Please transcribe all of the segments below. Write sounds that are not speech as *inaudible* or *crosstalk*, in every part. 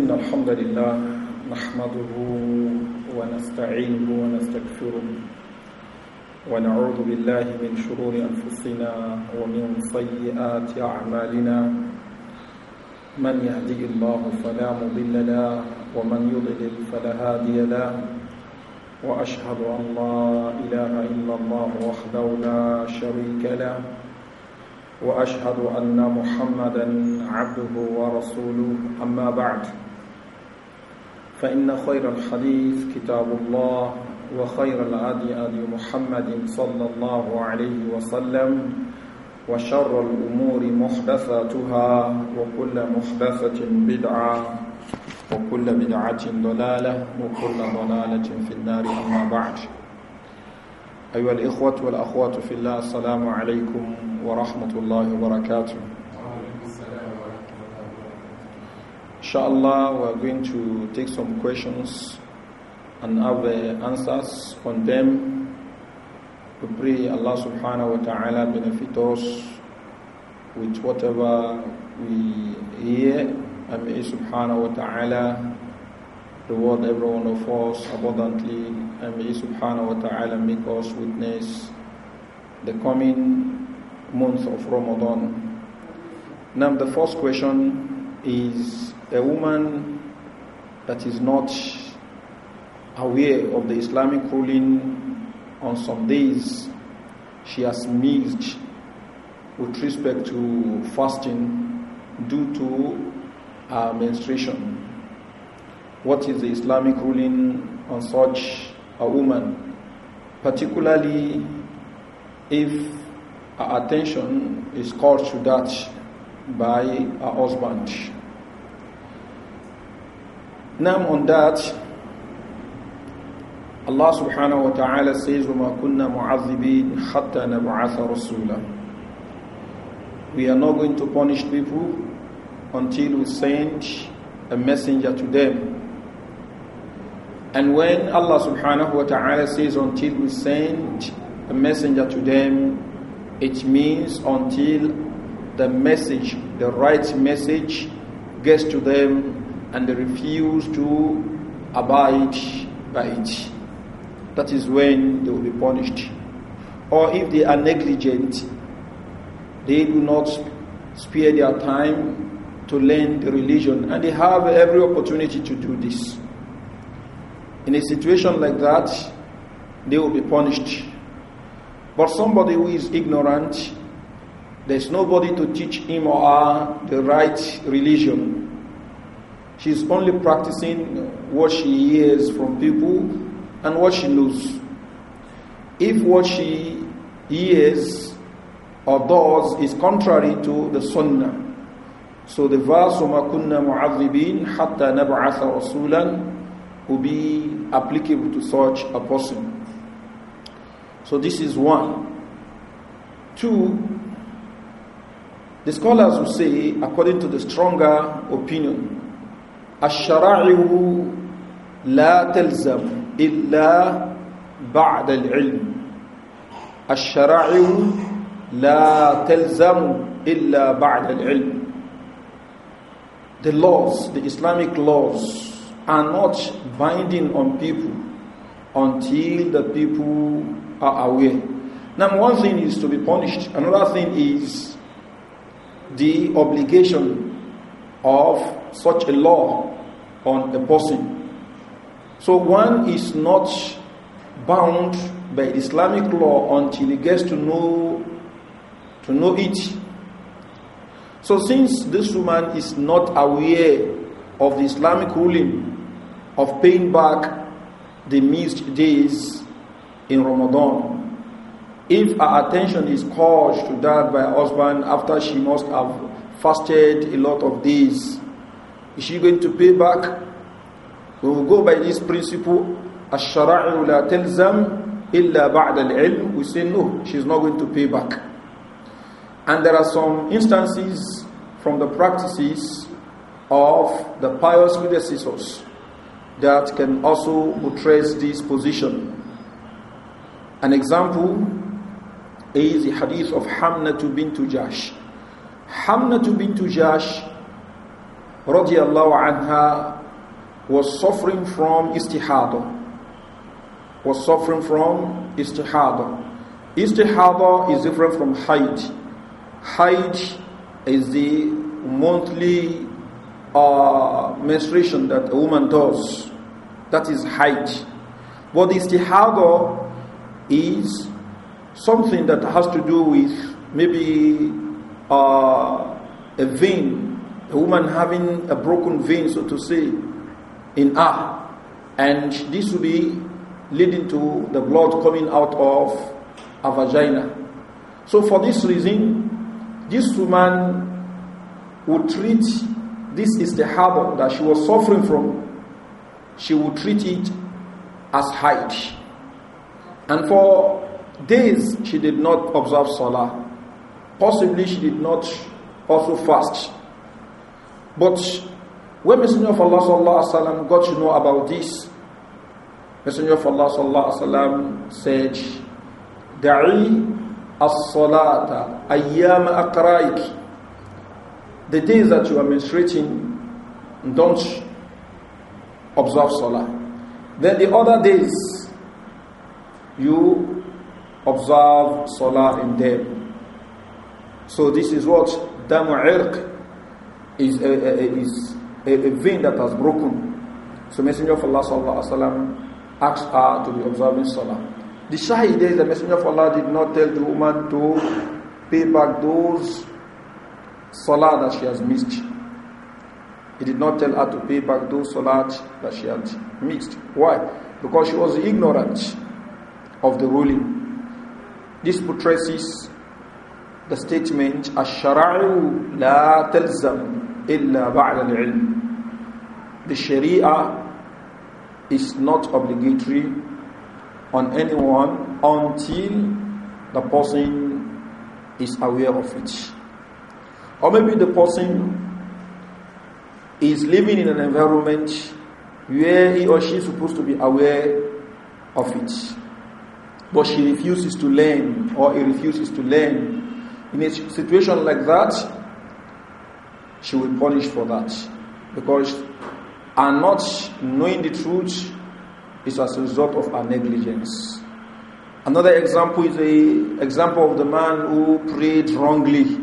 إن الحمد لله نحمده ونستعينه ونستكفره ونعوذ بالله من شرور أنفسنا ومن سيئات أعمالنا من يهدي الله فلا مضل له ومن يضلل فلا هادي له وأشهد أن لا إله إلا الله وحده لا شريك له وأشهد أن محمدا عبده ورسوله أما بعد فإن خير الحديث كتاب الله وخير العدي أدي محمد صلى الله عليه وسلم وشر الأمور محدثاتها وكل محدثة بدعة وكل بدعة ضلالة وكل ضلالة في النار أما بعد أيها الإخوة والأخوات في الله السلام عليكم ورحمة الله وبركاته Inshallah, we are going to take some questions and have uh, answers on them. We pray Allah subhanahu wa ta'ala benefit us with whatever we hear. And may subhanahu wa ta'ala reward every one of us abundantly. And may subhanahu wa ta'ala make us witness the coming month of Ramadan. Now the first question is a woman that is not aware of the Islamic ruling on some days, she has missed with respect to fasting due to uh, menstruation. What is the Islamic ruling on such a woman? Particularly if attention is called to that by a husband. Now on that, Allah subhanahu wa ta'ala says, وَمَا كُنَّا مُعَذِّبِينَ حَتَّى نَبْعَثَ رَسُولًا We are not going to punish people until we send a messenger to them. And when Allah subhanahu wa ta'ala says, until we send a messenger to them, it means until the message, the right message, gets to them and they refuse to abide by it. That is when they will be punished. Or if they are negligent, they do not spare their time to learn the religion, and they have every opportunity to do this. In a situation like that, they will be punished. But somebody who is ignorant, there's nobody to teach him or her the right religion She's only practicing what she hears from people and what she knows. If what she hears or does is contrary to the sunnah, so the verse وَمَا كُنَّا مُعَذِّبِينَ حَتَّى نَبْعَثَ رَسُولًا will be applicable to such a person. So this is one. Two, the scholars will say, according to the stronger opinion, الشرائع لا تلزم إلا بعد العلم الشرائع لا تلزم إلا بعد العلم The laws, the Islamic laws are not binding on people until the people are aware. Now one thing is to be punished. Another thing is the obligation of such a law on the person. So one is not bound by Islamic law until he gets to know to know it. So since this woman is not aware of the Islamic ruling of paying back the missed days in Ramadan, if her attention is called to that by her husband after she must have fasted a lot of days, is she going to pay back? We will go by this principle, الشرائع لا تلزم إلا we say no, she's not going to pay back. And there are some instances from the practices of the pious predecessors that can also buttress this position. An example is the hadith of Hamnatu bint Jash. Hamnatu bint Jash radiallahu anha was suffering from istihada. Was suffering from istihada. Istihada is different from haid. Haid is the monthly uh, menstruation that a woman does. That is haid. But istihada is something that has to do with maybe uh, a vein a woman having a broken vein, so to say, in her. And this will be leading to the blood coming out of a vagina. So, for this reason, this woman would treat this is the harbor that she was suffering from, she would treat it as hide. And for days, she did not observe Salah. Possibly, she did not also fast. But when Messenger of Allah sallallahu alaihi wasallam got to know about this, Messenger of Allah sallallahu alaihi wasallam said, "Da'i as-salata ayyam akraik." The days that you are menstruating, don't observe salah. Then the other days, you observe salah in them. So this is what damu irq is a, a, is a, a vein that has broken. So Messenger of Allah sallallahu alaihi wasallam asked her to be observing salah. The Shahid is the Messenger of Allah did not tell the woman to pay back those salah that she has missed. He did not tell her to pay back those salah that she had missed. Why? Because she was ignorant of the ruling. This portrays the statement, "Ash-shara'u la them. إِلَّا بَعْدَ الْعِلْمِ The Sharia is not obligatory on anyone until the person is aware of it. Or maybe the person is living in an environment where he or she is supposed to be aware of it. But she refuses to learn or he refuses to learn. In a situation like that, she will punish for that. Because and not knowing the truth is as a result of our negligence. Another example is the example of the man who prayed wrongly.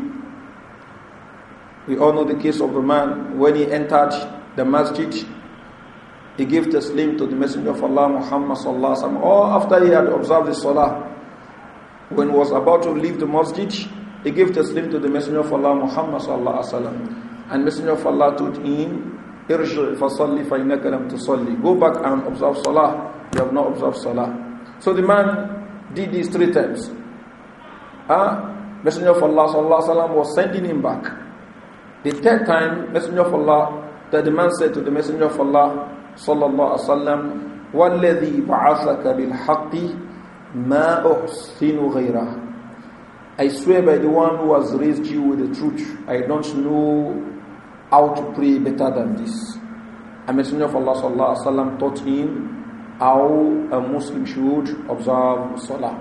We all know the case of the man when he entered the masjid, he gave taslim to the Messenger of Allah Muhammad sallallahu alaihi wasallam. Or after he had observed the salah, when he was about to leave the masjid, he gave taslim to the Messenger of Allah Muhammad sallallahu alaihi wasallam. And Messenger of Allah told him, Irj fasalli fa'innaka lam tusalli. Go back and observe salah. You have not observed salah. So the man did this three times. Ah, uh, Messenger of Allah sallallahu alaihi wasallam was sending him back. The third time, Messenger of Allah, that the man said to the Messenger of Allah sallallahu alaihi wasallam, والذي بعثك بالحق ما أحسن غيره I swear by the one who has raised you with the truth, I don't know how to pray better than this. A messenger of Allah sallallahu alaihi wasallam taught him how a Muslim should observe salah.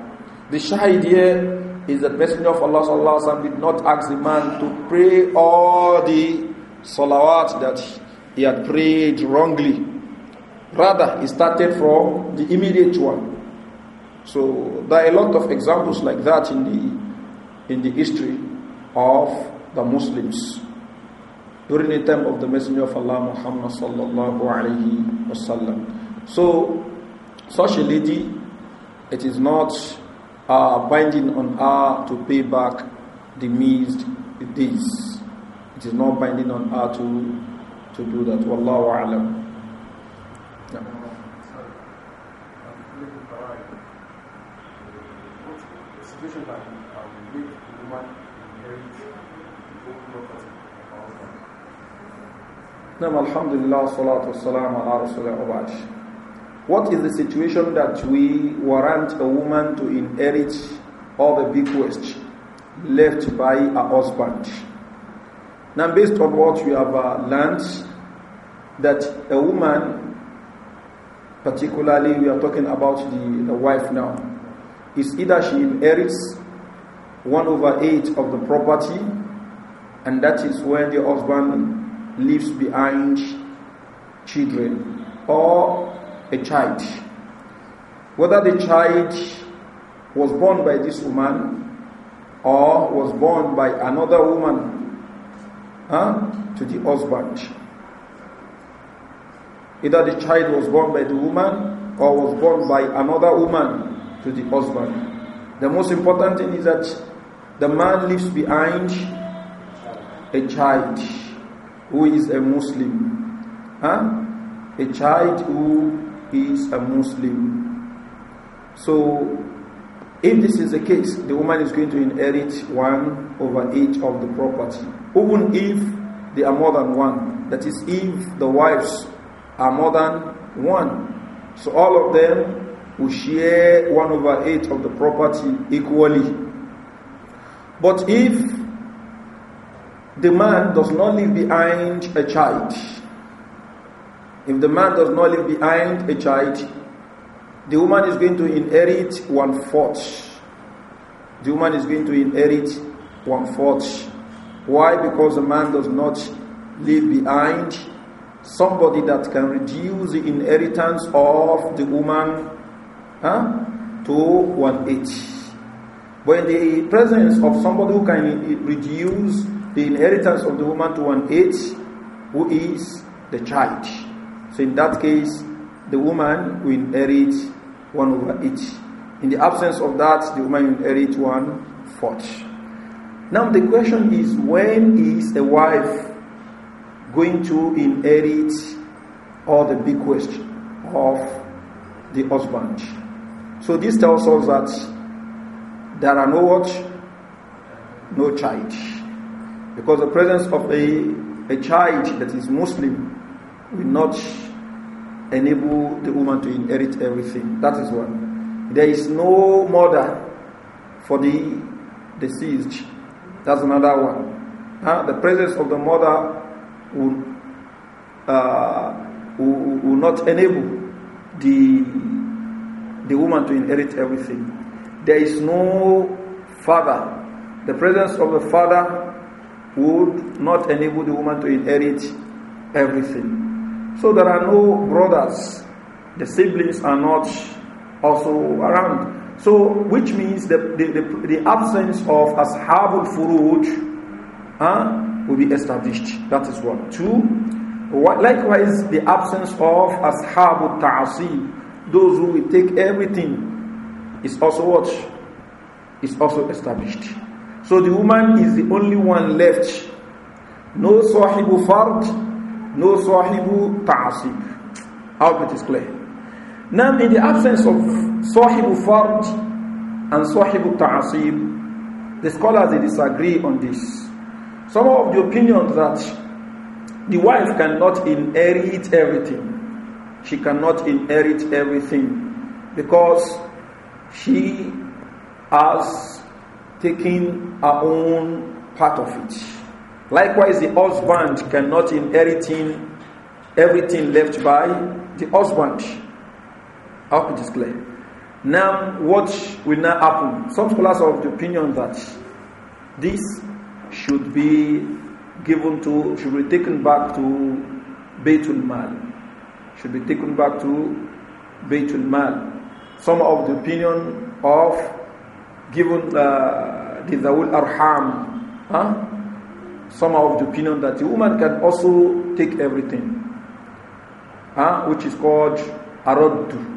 The shahid here is that messenger of Allah sallallahu alaihi wasallam did not ask the man to pray all the salawat that he had prayed wrongly. Rather, he started from the immediate one. So there are a lot of examples like that in the in the history of the Muslims during the time of the Messenger of Allah Muhammad sallallahu alaihi wasallam. So, such a lady, it is not uh, binding on her to pay back the missed days. It is not binding on her to to do that. Wallahu a'lam. Yeah. Nam alhamdulillah, salatu salam ala rasulullah What is the situation that we warrant a woman to inherit all the bequest left by her husband? Now, based on what we have uh, learned, that a woman, particularly we are talking about the, the wife now, is either she inherits 1 over 8 of the property, and that is when the husband leaves behind children or a child. Whether the child was born by this woman or was born by another woman huh, to the husband. Either the child was born by the woman or was born by another woman to the husband. The most important thing is that the man leaves behind a child who is a Muslim. Huh? A child who is a Muslim. So, if this is the case, the woman is going to inherit one over eight of the property. Even if they are more than one, that is, if the wives are more than one, so all of them will share one over eight of the property equally. But if the man does not leave behind a child. If the man does not leave behind a child, the woman is going to inherit one fourth. The woman is going to inherit one fourth. Why? Because the man does not leave behind somebody that can reduce the inheritance of the woman huh, to one eighth. But in the presence of somebody who can reduce the inheritance of the woman to one who is the child. So in that case, the woman will inherit one over eight. In the absence of that, the woman will inherit one fourth. Now the question is, when is the wife going to inherit all the bequest of the husband? So this tells us that there are no what? No child. Because the presence of a, a child that is Muslim will not enable the woman to inherit everything. That is one. There is no mother for the deceased. That's another one. Huh? The presence of the mother will, uh, will, will not enable the the woman to inherit everything. There is no father. The presence of the father would not enable the woman to inherit everything. So there are no brothers. The siblings are not also around. So, which means the, the, the, the absence of Ashabul Furuj huh, will be established. That is one. Two, likewise, the absence of Ashabul Ta'asi, those who will take everything, is also what? Is also established. So the woman is the only one left. No sahibu fard, no sahibu ta'asib. How hope it is clear. Now, in the absence of sahibu fard and sahibu ta'asib, the scholars they disagree on this. Some of the opinion that the wife cannot inherit everything. She cannot inherit everything because she has taking her own part of it. Likewise, the husband cannot inherit everything left by the husband. I hope it is clear. Now, what will now happen? Some scholars are of the opinion that this should be given to, should be taken back to Beitul Mal. Should be taken back to Beitul Mal. Some of the opinion of given uh, the Zawul Arham. Huh? Some are of the opinion that the woman can also take everything, huh? which is called Araddu.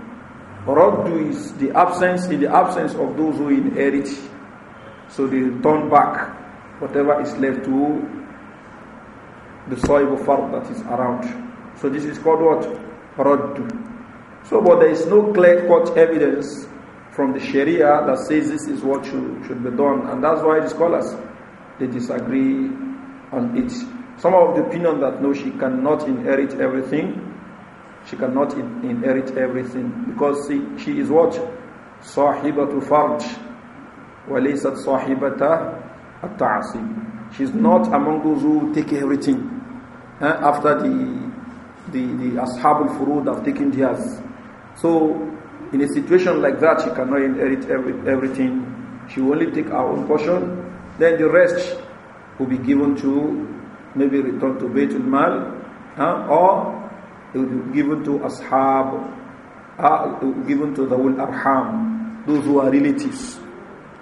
Aradu is the absence, in the absence of those who inherit. So they turn back whatever is left to the soil of fard that is around. So this is called what? Raddu. So, but there is no clear cut evidence from the Sharia that says this is what should, should be done. And that's why the scholars, they disagree on it. Some of the opinion that no, she cannot inherit everything. She cannot in, inherit everything because she, she is what? Sahibatu farj. Walaysat sahibata at She's not among those who take everything. Eh? After the, the, the ashabul furud have taken theirs. So in a situation like that, she cannot inherit every, everything. She will only take her own portion. Then the rest will be given to maybe return to Baitul Mal, huh? or it will be given to Ashab, uh, given to the Ul Arham, those who are relatives.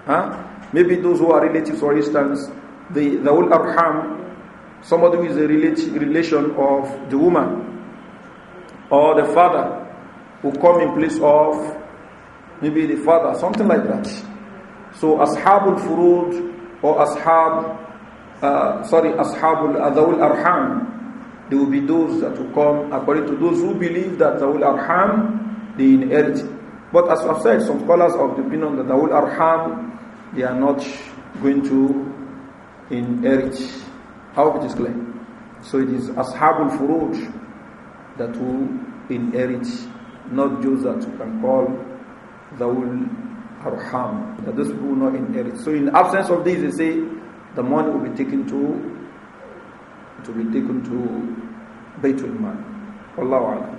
Huh? Maybe those who are relatives, for instance, the, the Ul Arham, somebody who is a relation of the woman or the father who come in place of maybe the father, something like that. So Ashabul Furud or Ashab, uh, sorry, Ashabul Adawul uh, Arham, they will be those that will come according to those who believe that Dawul Arham, they inherit. But as I've said, some scholars of the opinion that Dawul Arham, they are not going to inherit. How hope it is So it is Ashabul Furud that will inherit not Jews that you can call Zawul Arham, that those will not inherit. So in absence of this, they say the money will be taken to to be taken to Baitul Mal. Wallahu alam.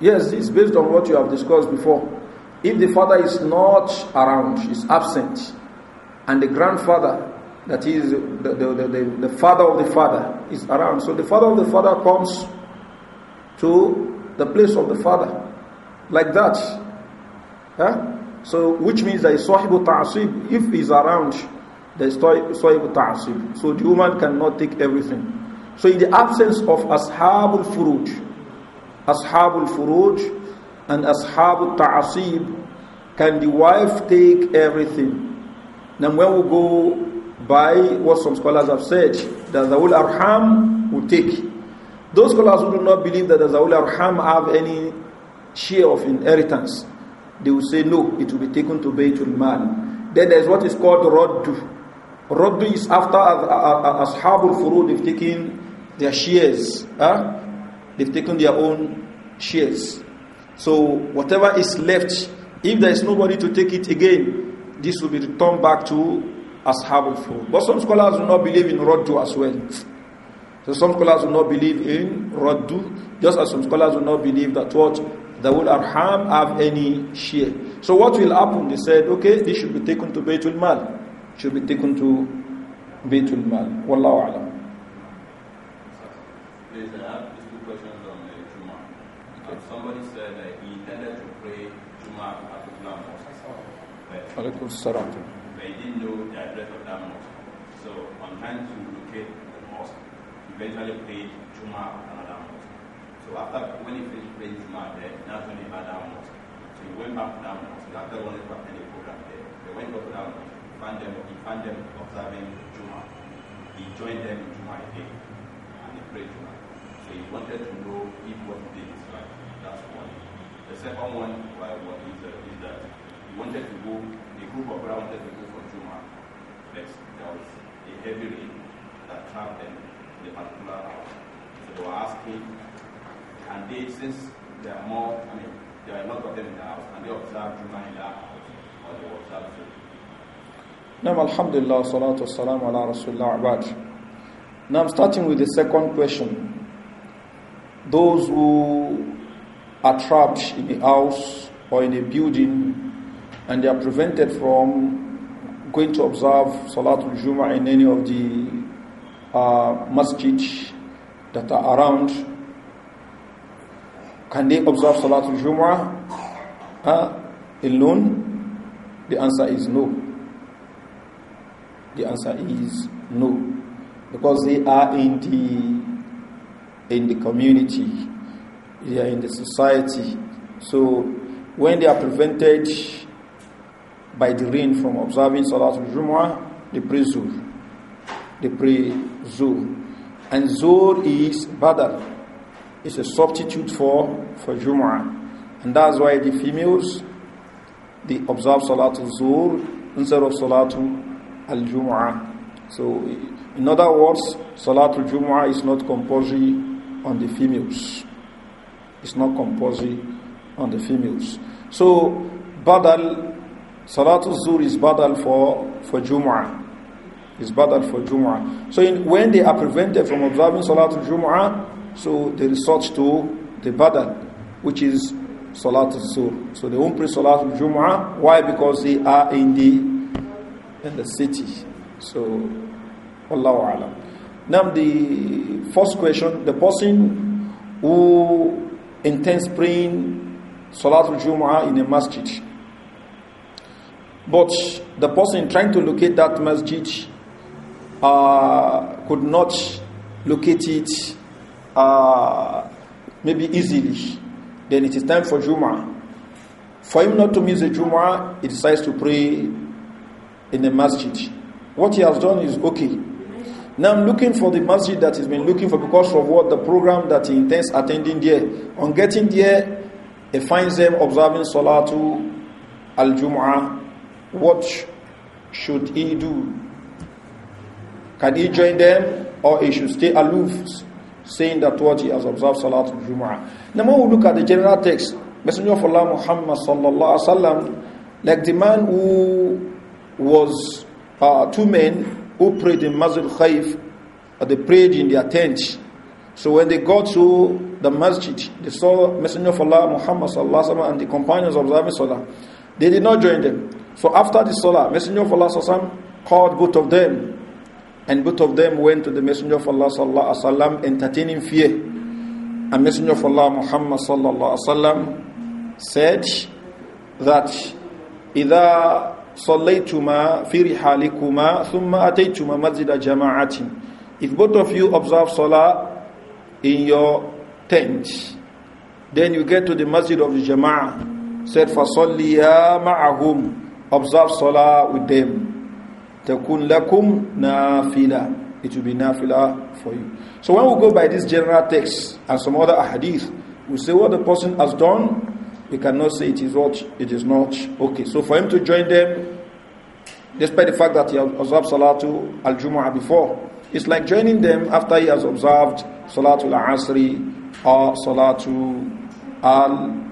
Yes, it's based on what you have discussed before. If the father is not around, is absent, and the grandfather, that is the, the, the, the, father of the father, is around. So the father of the father comes to the place of the father, like that. Huh? So, which means that Sahibu Ta'asib, if he's around, there is Sahibu Ta'asib. So the woman cannot take everything. So, in the absence of Ashabul Furuj, Ashabul Furuj and Ashabul Ta'asib, can the wife take everything? Now, when we go by what some scholars have said, that the Zawul Arham will take. Those scholars who do not believe that the Zawul Arham have any share of inheritance, they will say no, it will be taken to Baytul man. Then there's what is called Raddu. Raddu is after Ashabul Furud, they've taken their shares. Huh? They've taken their own shares. So whatever is left, if there is nobody to take it again, this will be returned back to ashabul al But some scholars do not believe in Raddu as well. So some scholars do not believe in Raddu, just as some scholars do not believe that what the would Arham have any share. So what will happen? They said, okay, this should be taken to Baytul Mal. Should be taken to Baytul Mal. Wallahu Alam. Please, I have two questions on uh, Somebody said that he intended to pray Juma Alaikum salam. They didn't know the address of that mosque. So on trying to locate the mosque, eventually prayed Juma at another mosque. So after when he finished praying Juma there, that's when he had that mosque. So he went back to that mosque. So after one o'clock and the program there, He went up to that mosque. He found them, he found them observing Juma. He joined them in Juma again and he prayed Juma. So he wanted to know if what he did is right. That's one. The second one why what is, uh, is that we wanted to go, the group of Bra wanted to go for Juma, but there was a heavy rain that trapped them in the particular house. So they were asking, and they, since there are more, I mean, there are a lot of them in the house, and they observed Juma in that house, or they observed Juma. Now, Alhamdulillah, salatu ala Rasulullah abad. Now, I'm starting with the second question. Those who are trapped in a house or in a building and they are prevented from going to observe Salatul Jummah in any of the uh, masjid that are around, can they observe Salatul Jummah uh, alone? The answer is no. The answer is no, because they are in the in the community, they are in the society. So when they are prevented by the rain from observing Salatul Jumu'ah, the pre Zuhr. the pre Zuhr. And Zuhr is Badr. It's a substitute for, for Jumu'ah. And that's why the females, they observe Salatul Zuhr instead of Salatul Al-Jumu'ah. So, in other words, Salatul Jumu'ah is not compulsory on the females. It's not compulsory on the females. So, Badal Salatul Zuhr is badal for, for Jum'ah. Is badal for Jumu'ah. So in, when they are prevented from observing Salatul Jum'ah, so they resort to the badal, which is Salatul Zuhr. So they won't pray Salatul Jum'ah. Why? Because they are in the, in the city. So, Allahu Alam. Now the first question, the person who intends praying Salatul Jum'ah in a masjid, but the person trying to locate that masjid uh, could not locate it uh, maybe easily. Then it is time for Jum'ah. For him not to miss the Jum'ah, he decides to pray in the masjid. What he has done is okay. Now I'm looking for the masjid that he's been looking for because of what the program that he intends attending there. On getting there, he finds them observing Salatu al Jum'ah what should he do? Can he join them or he should stay aloof, saying that what he has observed Salat al-Jumu'ah? Now when we look at the general text, Messenger of Allah Muhammad sallallahu alaihi wasallam, like the man who was uh, two men who prayed in Masjid Khayf, uh, they prayed in their tent. So when they got to the masjid, they saw Messenger of Allah Muhammad sallallahu alaihi and the companions observing Salah. They did not join them. So after the Salah, Messenger of Allah called both of them. And both of them went to the Messenger of Allah sallallahu entertaining fear. And Messenger of Allah Muhammad sallallahu wasallam said that إذا صليتما في رحالكما ثم أتيتما مسجد جماعة If both of you observe Salah in your tent, then you get to the masjid of the Jama'ah said فَصَلِّيَا مَعَهُمْ Observe salah with them. تَكُنْ لَكُمْ نَافِلَةً It will be nafila for you. So when we go by this general text and some other hadith, we say what the person has done, we cannot say it is what, it is not. Okay, so for him to join them, despite the fact that he has observed Salatu al-Jumu'ah before, it's like joining them after he has observed Salatul Asri or Salatul Al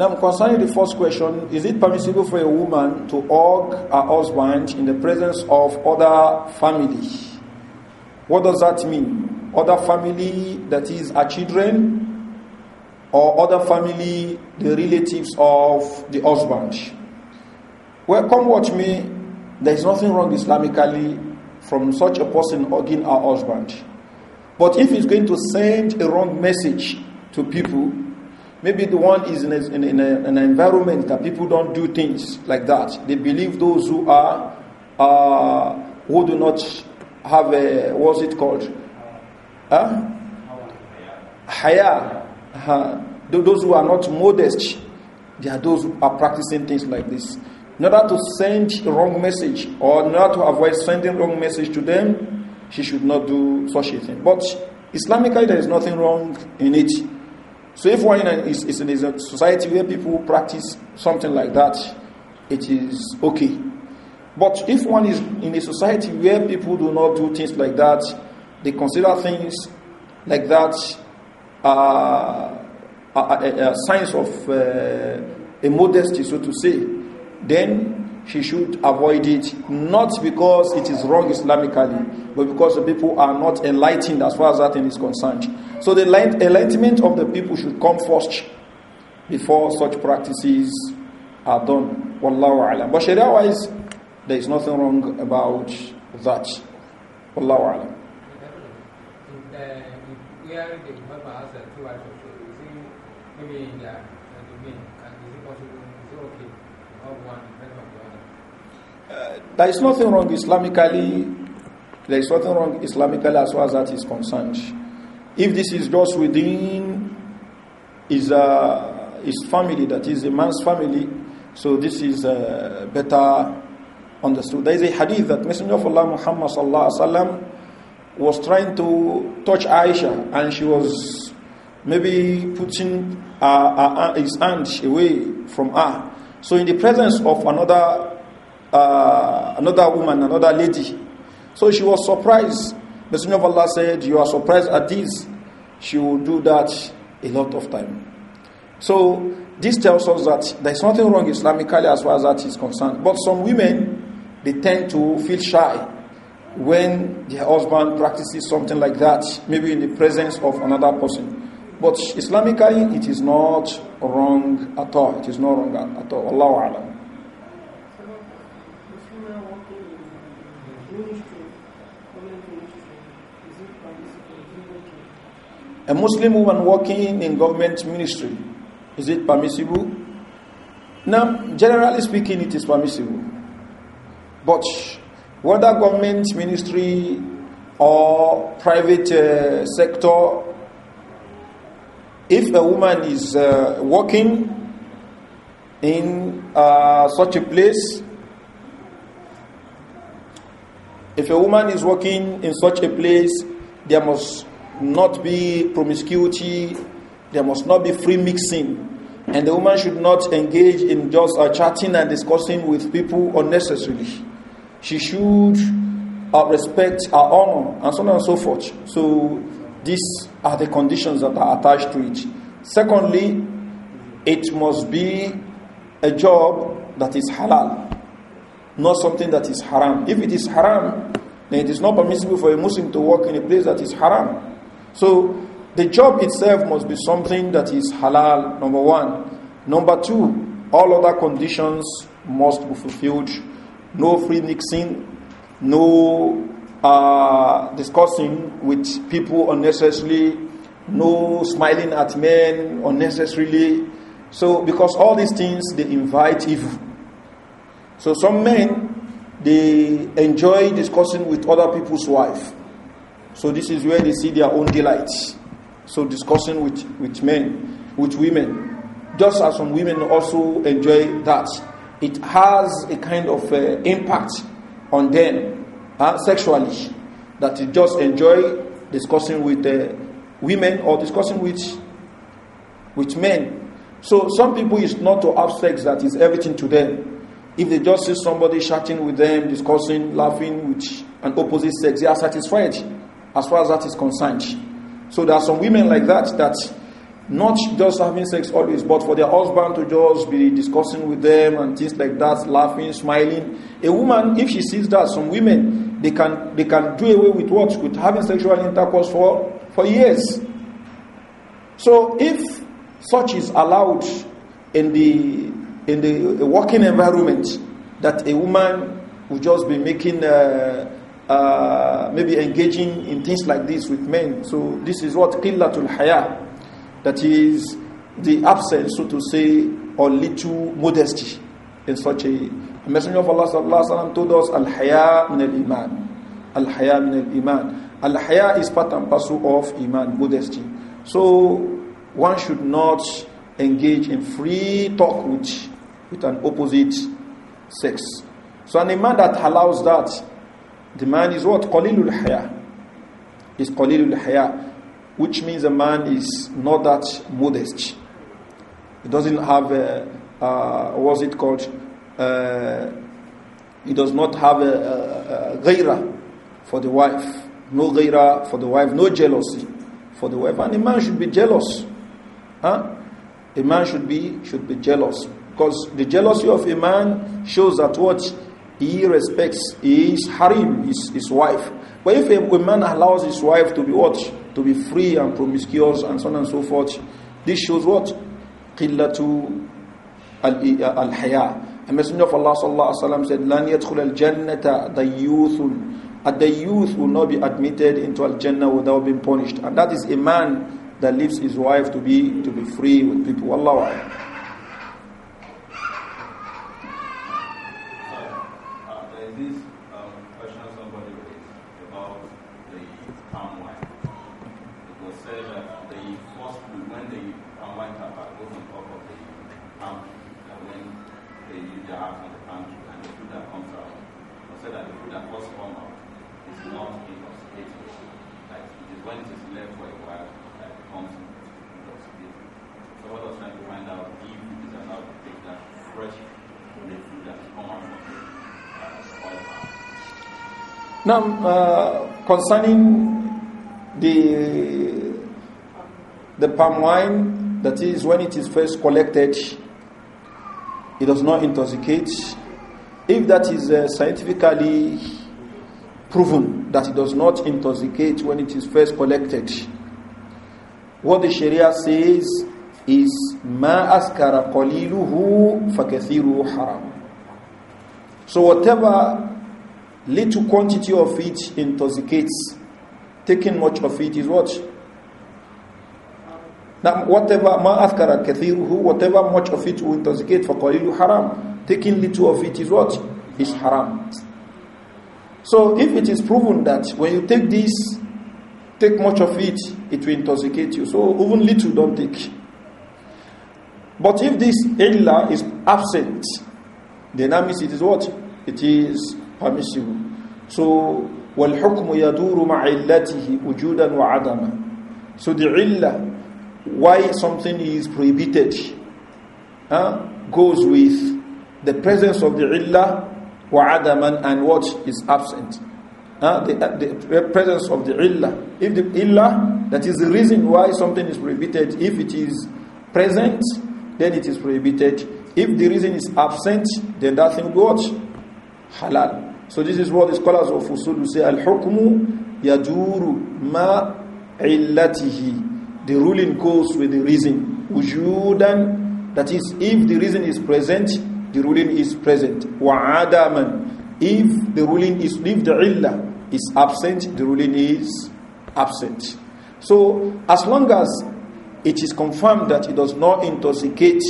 Now, concerning the first question, is it permissible for a woman to hug her husband in the presence of other family? What does that mean? Other family, that is, her children, or other family, the relatives of the husband? Well, come watch me. There is nothing wrong Islamically from such a person hugging her husband. But if he's going to send a wrong message to people, Maybe the one is in, a, in, a, in, an environment that people don't do things like that. They believe those who are, uh, who do not have a, what's it called? Huh? Haya. Uh, those who are not modest, they are those who are practicing things like this. In order to send wrong message or in order to avoid sending wrong message to them, she should not do such a thing. But Islamically, there is nothing wrong in it. So if one is, is in a society where people practice something like that, it is okay. But if one is in a society where people do not do things like that, they consider things like that uh, a, a, a signs of uh, a modesty, so to say, then she should avoid it, not because it is wrong Islamically, but because the people are not enlightened as far as that thing is concerned. So the enlightenment of the people should come first before such practices are done. Wallahu alam. But Sharia wise, there is nothing wrong about that. Wallahu alam. Uh, there is nothing wrong Islamically. There is nothing wrong Islamically as far as that is concerned. If this is just within his, uh, his family, that is a man's family, so this is uh, better understood. There is a hadith that Messenger of Allah Muhammad sallallahu was trying to touch Aisha, and she was maybe putting uh, his hand away from her. So, in the presence of another uh, another woman, another lady, so she was surprised Messenger of Allah said, You are surprised at this. She will do that a lot of time. So this tells us that there's nothing wrong Islamically as far as that is concerned. But some women, they tend to feel shy when their husband practices something like that, maybe in the presence of another person. But Islamically, it is not wrong at all. It is not wrong at all. Allahu Alam. A Muslim woman working in government ministry, is it permissible? Now, generally speaking, it is permissible. But whether government ministry or private uh, sector, if a woman is uh, working in uh, such a place, if a woman is working in such a place, there must not be promiscuity, there must not be free mixing. And the woman should not engage in just uh, chatting and discussing with people unnecessarily. She should uh, respect her honor and so on and so forth. So these are the conditions that are attached to it. Secondly, it must be a job that is halal, not something that is haram. If it is haram, then it is not permissible for a Muslim to work in a place that is haram. So the job itself must be something that is halal, number one. Number two, all other conditions must be fulfilled. No free mixing, no uh, discussing with people unnecessarily, no smiling at men unnecessarily. So, because all these things they invite evil. So, some men they enjoy discussing with other people's wife. So this is where they see their own delights. So discussing with, with men, with women, just as some women also enjoy that, it has a kind of uh, impact on them uh, sexually. That they just enjoy discussing with uh, women or discussing with with men. So some people is not to have sex that is everything to them. If they just see somebody chatting with them, discussing, laughing with an opposite sex, they are satisfied as far as that is concerned. So there are some women like that that not just having sex always, but for their husband to just be discussing with them and things like that, laughing, smiling. A woman, if she sees that, some women they can they can do away with what with having sexual intercourse for for years. So if such is allowed in the in the working environment, that a woman will just be making. Uh, uh, maybe engaging in things like this with men. So this is what qillatul haya, that is the absence, so to say, or little modesty in such a. The Messenger of Allah sallallahu alaihi wasallam told us al haya min al iman, al haya min al iman. Al haya is part and parcel of iman, modesty. So one should not engage in free talk with, with an opposite sex. So an iman that allows that the man is what? Qalilul haya. Is qalilul haya, which means a man is not that modest. He doesn't have, a, uh, what's it called? Uh, he does not have a, a, a for the wife. No ghaira for the wife, no jealousy for the wife. And a man should be jealous. Huh? A man should be should be jealous because the jealousy of a man shows that what he respects his harem, his, his wife. But if a, man allows his wife to be what? To be free and promiscuous and so on and so forth, this shows what? Qillatu al-haya. A messenger of Allah sallallahu said, "Lan yadkhul al-jannata dayyuthun." A youth will not be admitted into al-jannah without being punished. And that is a man that leaves his wife to be to be free with people. Wallahu Now, uh, concerning the the palm wine, that is when it is first collected, it does not intoxicate. If that is uh, scientifically proven that it does not intoxicate when it is first collected, what the Sharia says is ma askara qaliluhu fakathiru haram. So whatever Little quantity of it intoxicates. Taking much of it is what? Now, whatever ma athkara kathiruhu, whatever much of it will intoxicate for qalilu haram. Taking little of it is what? Is haram. So if it is proven that when you take this, take much of it, it will intoxicate you. So even little don't take. But if this illa is absent, then that means it is what? It is permissible. So, وَالْحُكْمُ يَدُورُ مَعْ عِلَّتِهِ وُجُودًا وَعَدَمًا So the illah, why something is prohibited, huh, goes with the presence of the illah, وَعَدَمًا and what is absent. Huh? The, the, presence of the illah. If the illah, that is the reason why something is prohibited, if it is present, then it is prohibited. If the reason is absent, then that thing what? Halal. So this is what the scholars of Usul say, Al-Hukmu yaduru ma illatihi. The ruling goes with the reason. Wujudan, that is, if the reason is present, the ruling is present. Wa'adaman, if the ruling is, if the illah is absent, the ruling is absent. So, as long as it is confirmed that it does not intoxicate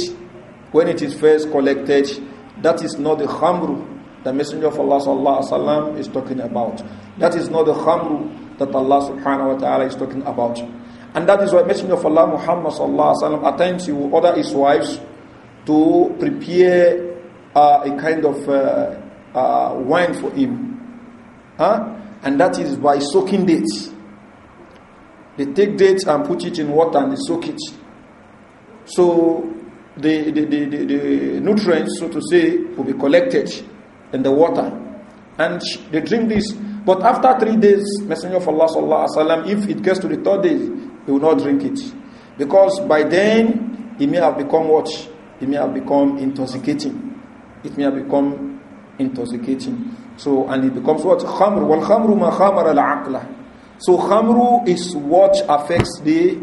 when it is first collected, that is not the khamru the Messenger of Allah sallallahu alaihi wasallam is talking about. That is not the khamru that Allah subhanahu wa ta'ala is talking about. And that is why Messenger of Allah Muhammad sallallahu alaihi wasallam at times he will order his wives to prepare uh, a kind of uh, uh, wine for him, huh? And that is by soaking dates. They take dates and put it in water and they soak it. So the, the, the, the, the nutrients, so to say, will be collected in the water. And they drink this. But after three days, Messenger of Allah sallallahu alaihi wasallam, if it gets to the third day, he will not drink it. Because by then, it may have become what? It may have become intoxicating. It may have become intoxicating. So, and it becomes what? Khamru. Wal khamru ma khamara al-aqla. So khamru is what affects the,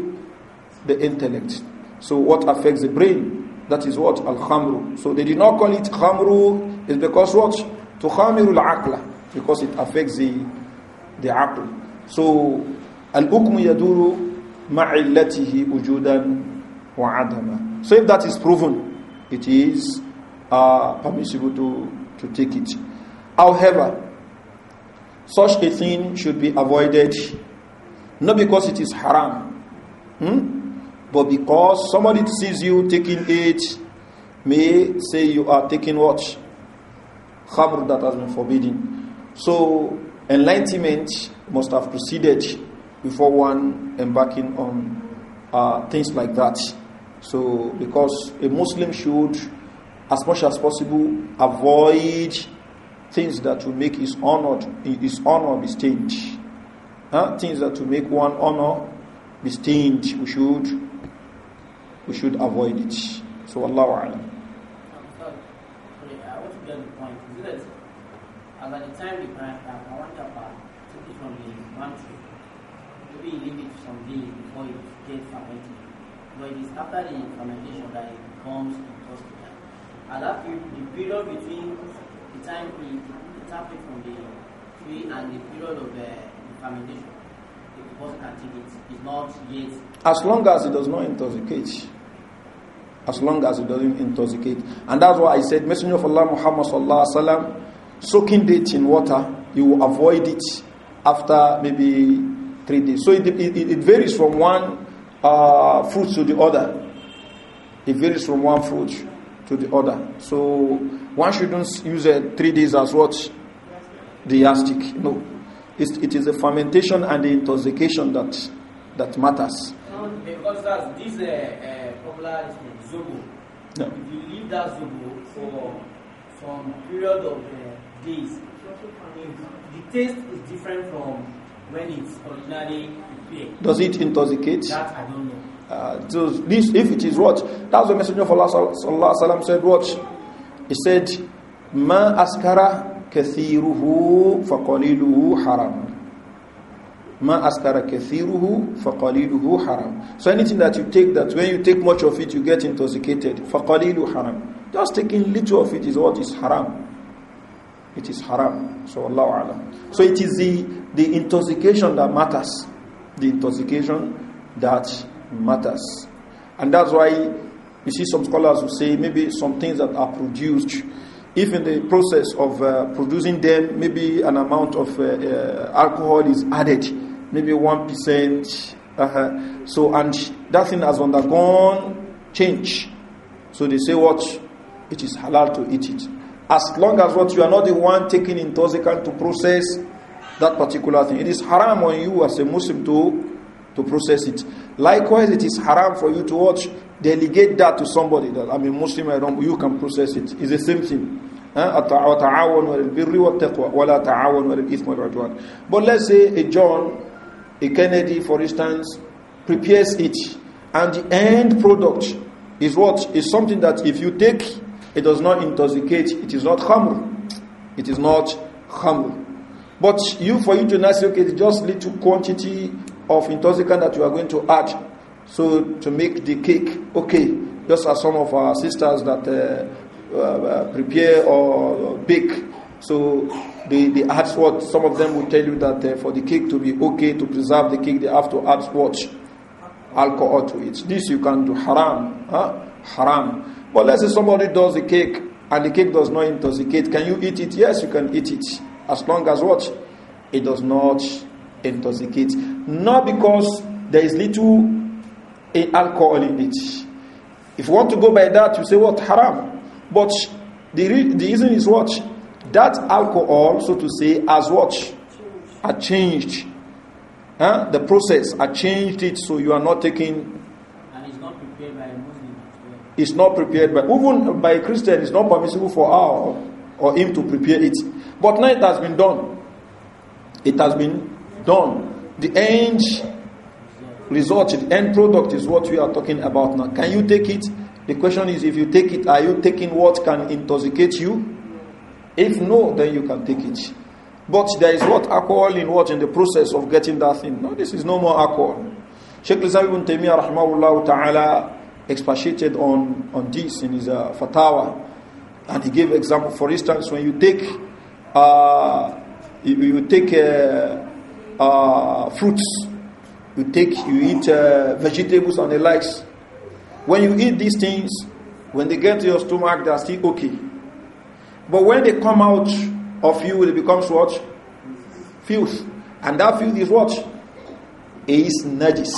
the intellect. So what affects the brain. That is what? Al-Khamru. So they did not call it Khamru. It's because what? To Khamirul akla, Because it affects the, the Aql. So Al-Ukmu Yaduru Ma'illatihi Ujudan Wa Adama. So if that is proven, it is uh, permissible to, to take it. However, such a thing should be avoided not because it is haram. Hmm? But because somebody sees you taking it, may say you are taking what? Khamr that has been forbidden. So enlightenment must have preceded before one embarking on uh, things like that. So because a Muslim should, as much as possible, avoid things that will make his honor, his honor be stained. Huh? Things that will make one honor be stained. We should we should avoid it. So Allah Alam. Um, as uh, at the time we plant that, uh, I want to take it from the one tree. Maybe you leave it some day before it gets fermented. But it is after the fermentation that it becomes intoxicated. At that period, the period between the time we tap it from the tree and the period of the fermentation, the person can take not yet. As long as it does not intoxicate as long as it doesn't intoxicate. And that's why I said, Messenger of Allah Muhammad sallallahu alaihi wasallam, soaking dates in water, you avoid it after maybe three days. So it, it, it varies from one uh, fruit to the other. It varies from one fruit to the other. So one shouldn't use uh, three days as what the yastic. No, it's, it is the fermentation and the intoxication that that matters. because that's this uh, uh, popular zobo. No. If you leave that zobo for some period of uh, days, the taste is different from when it's originally prepared. Does it intoxicate? That I don't know. Uh, so this, if it is what that's the messenger of Allah sallallahu alaihi wasallam said what he said ma askara kathiruhu faqaliluhu haram Ma askara kathiruhu faqaliluhu haram. So anything that you take that when you take much of it you get intoxicated. Faqalilu haram. Just taking little of it is what is haram. It is haram. So Allah So it is the, the intoxication that matters. The intoxication that matters. And that's why you see some scholars who say maybe some things that are produced if in the process of uh, producing them, maybe an amount of uh, uh, alcohol is added, maybe 1%. Uh-huh. So, and that thing has undergone change. So they say what? It is halal to eat it. As long as what you are not the one taking intoxicant to process that particular thing. It is haram on you as a Muslim to, to process it. Likewise, it is haram for you to watch, delegate that to somebody that I'm a Muslim, I don't, you can process it. It's the same thing. But let's say a John a Kennedy, for instance, prepares it, and the end product is what is something that if you take, it does not intoxicate. It is not harmful. It is not harmful. But you, for you to not say, okay, it's just little quantity of intoxicant that you are going to add, so to make the cake okay. Just as some of our sisters that uh, uh, uh prepare or bake, so they, they add what? Some of them will tell you that uh, for the cake to be okay, to preserve the cake, they have to add what? Alcohol to it. This you can do haram. Huh? Haram. But let's say somebody does the cake and the cake does not intoxicate. Can you eat it? Yes, you can eat it. As long as what? It does not intoxicate. Not because there is little eh, alcohol in it. If you want to go by that, you say what? Haram. But the, the reason is what? that alcohol, so to say, has what? Had changed. Huh? The process had changed it so you are not taking. And it's not prepared by a Muslim. It's not prepared by even by a Christian. It's not permissible for our or him to prepare it. But now it has been done. It has been done. The end result, the end product is what we are talking about now. Can you take it? The question is if you take it, are you taking what can intoxicate you? If no, then you can take it. But there is what alcohol in what in the process of getting that thing. No, this is no more alcohol. Sheikh Islam ibn Taymiyyah rahmahullah ta'ala expatiated on, on this in his uh, fatwa. And he gave example. For instance, when you take uh, you, you, take uh, uh fruits, you take you eat uh, vegetables and the likes. When you eat these things, when they get to your stomach, they are still okay. But when they come out of you, it becomes what? Filth. And that filth is what? It is najis.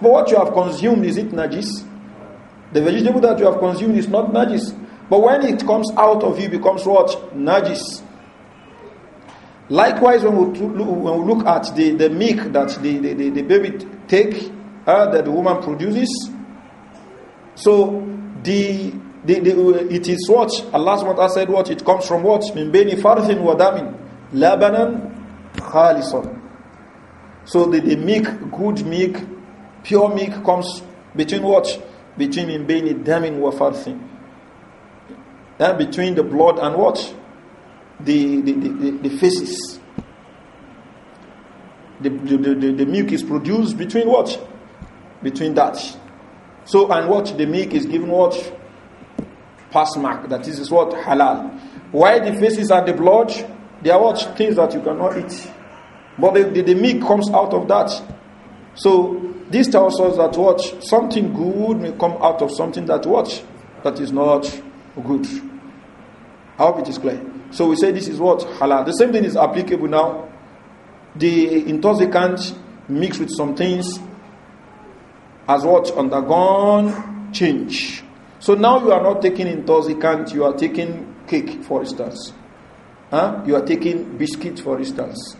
But what you have consumed, is it najis? The vegetable that you have consumed is not najis. But when it comes out of you, becomes what? Najis. Likewise, when we, when we look at the, the milk that the, the, the baby take, uh, that the woman produces, so the the, the, uh, it is what Allah subhanahu said what it comes from what min bayni farthin wa damin labanan khalisan so the, the milk good milk pure milk comes between what between min bayni damin wa farthin and eh, between the blood and what the the, the, the faces the, the, the, the milk is produced between what between that so and what the milk is given what pass mark that this is what halal. Why the faces are the blood? They are what things that you cannot eat, but the, the, the meat comes out of that. So this tells us that what something good may come out of something that what that is not good. I hope it is clear. So we say this is what halal. The same thing is applicable now. The intoxicant mixed with some things has what undergone change. So now you are not taking intoxicant, you are taking cake, for instance. Huh? You are taking biscuit, for instance.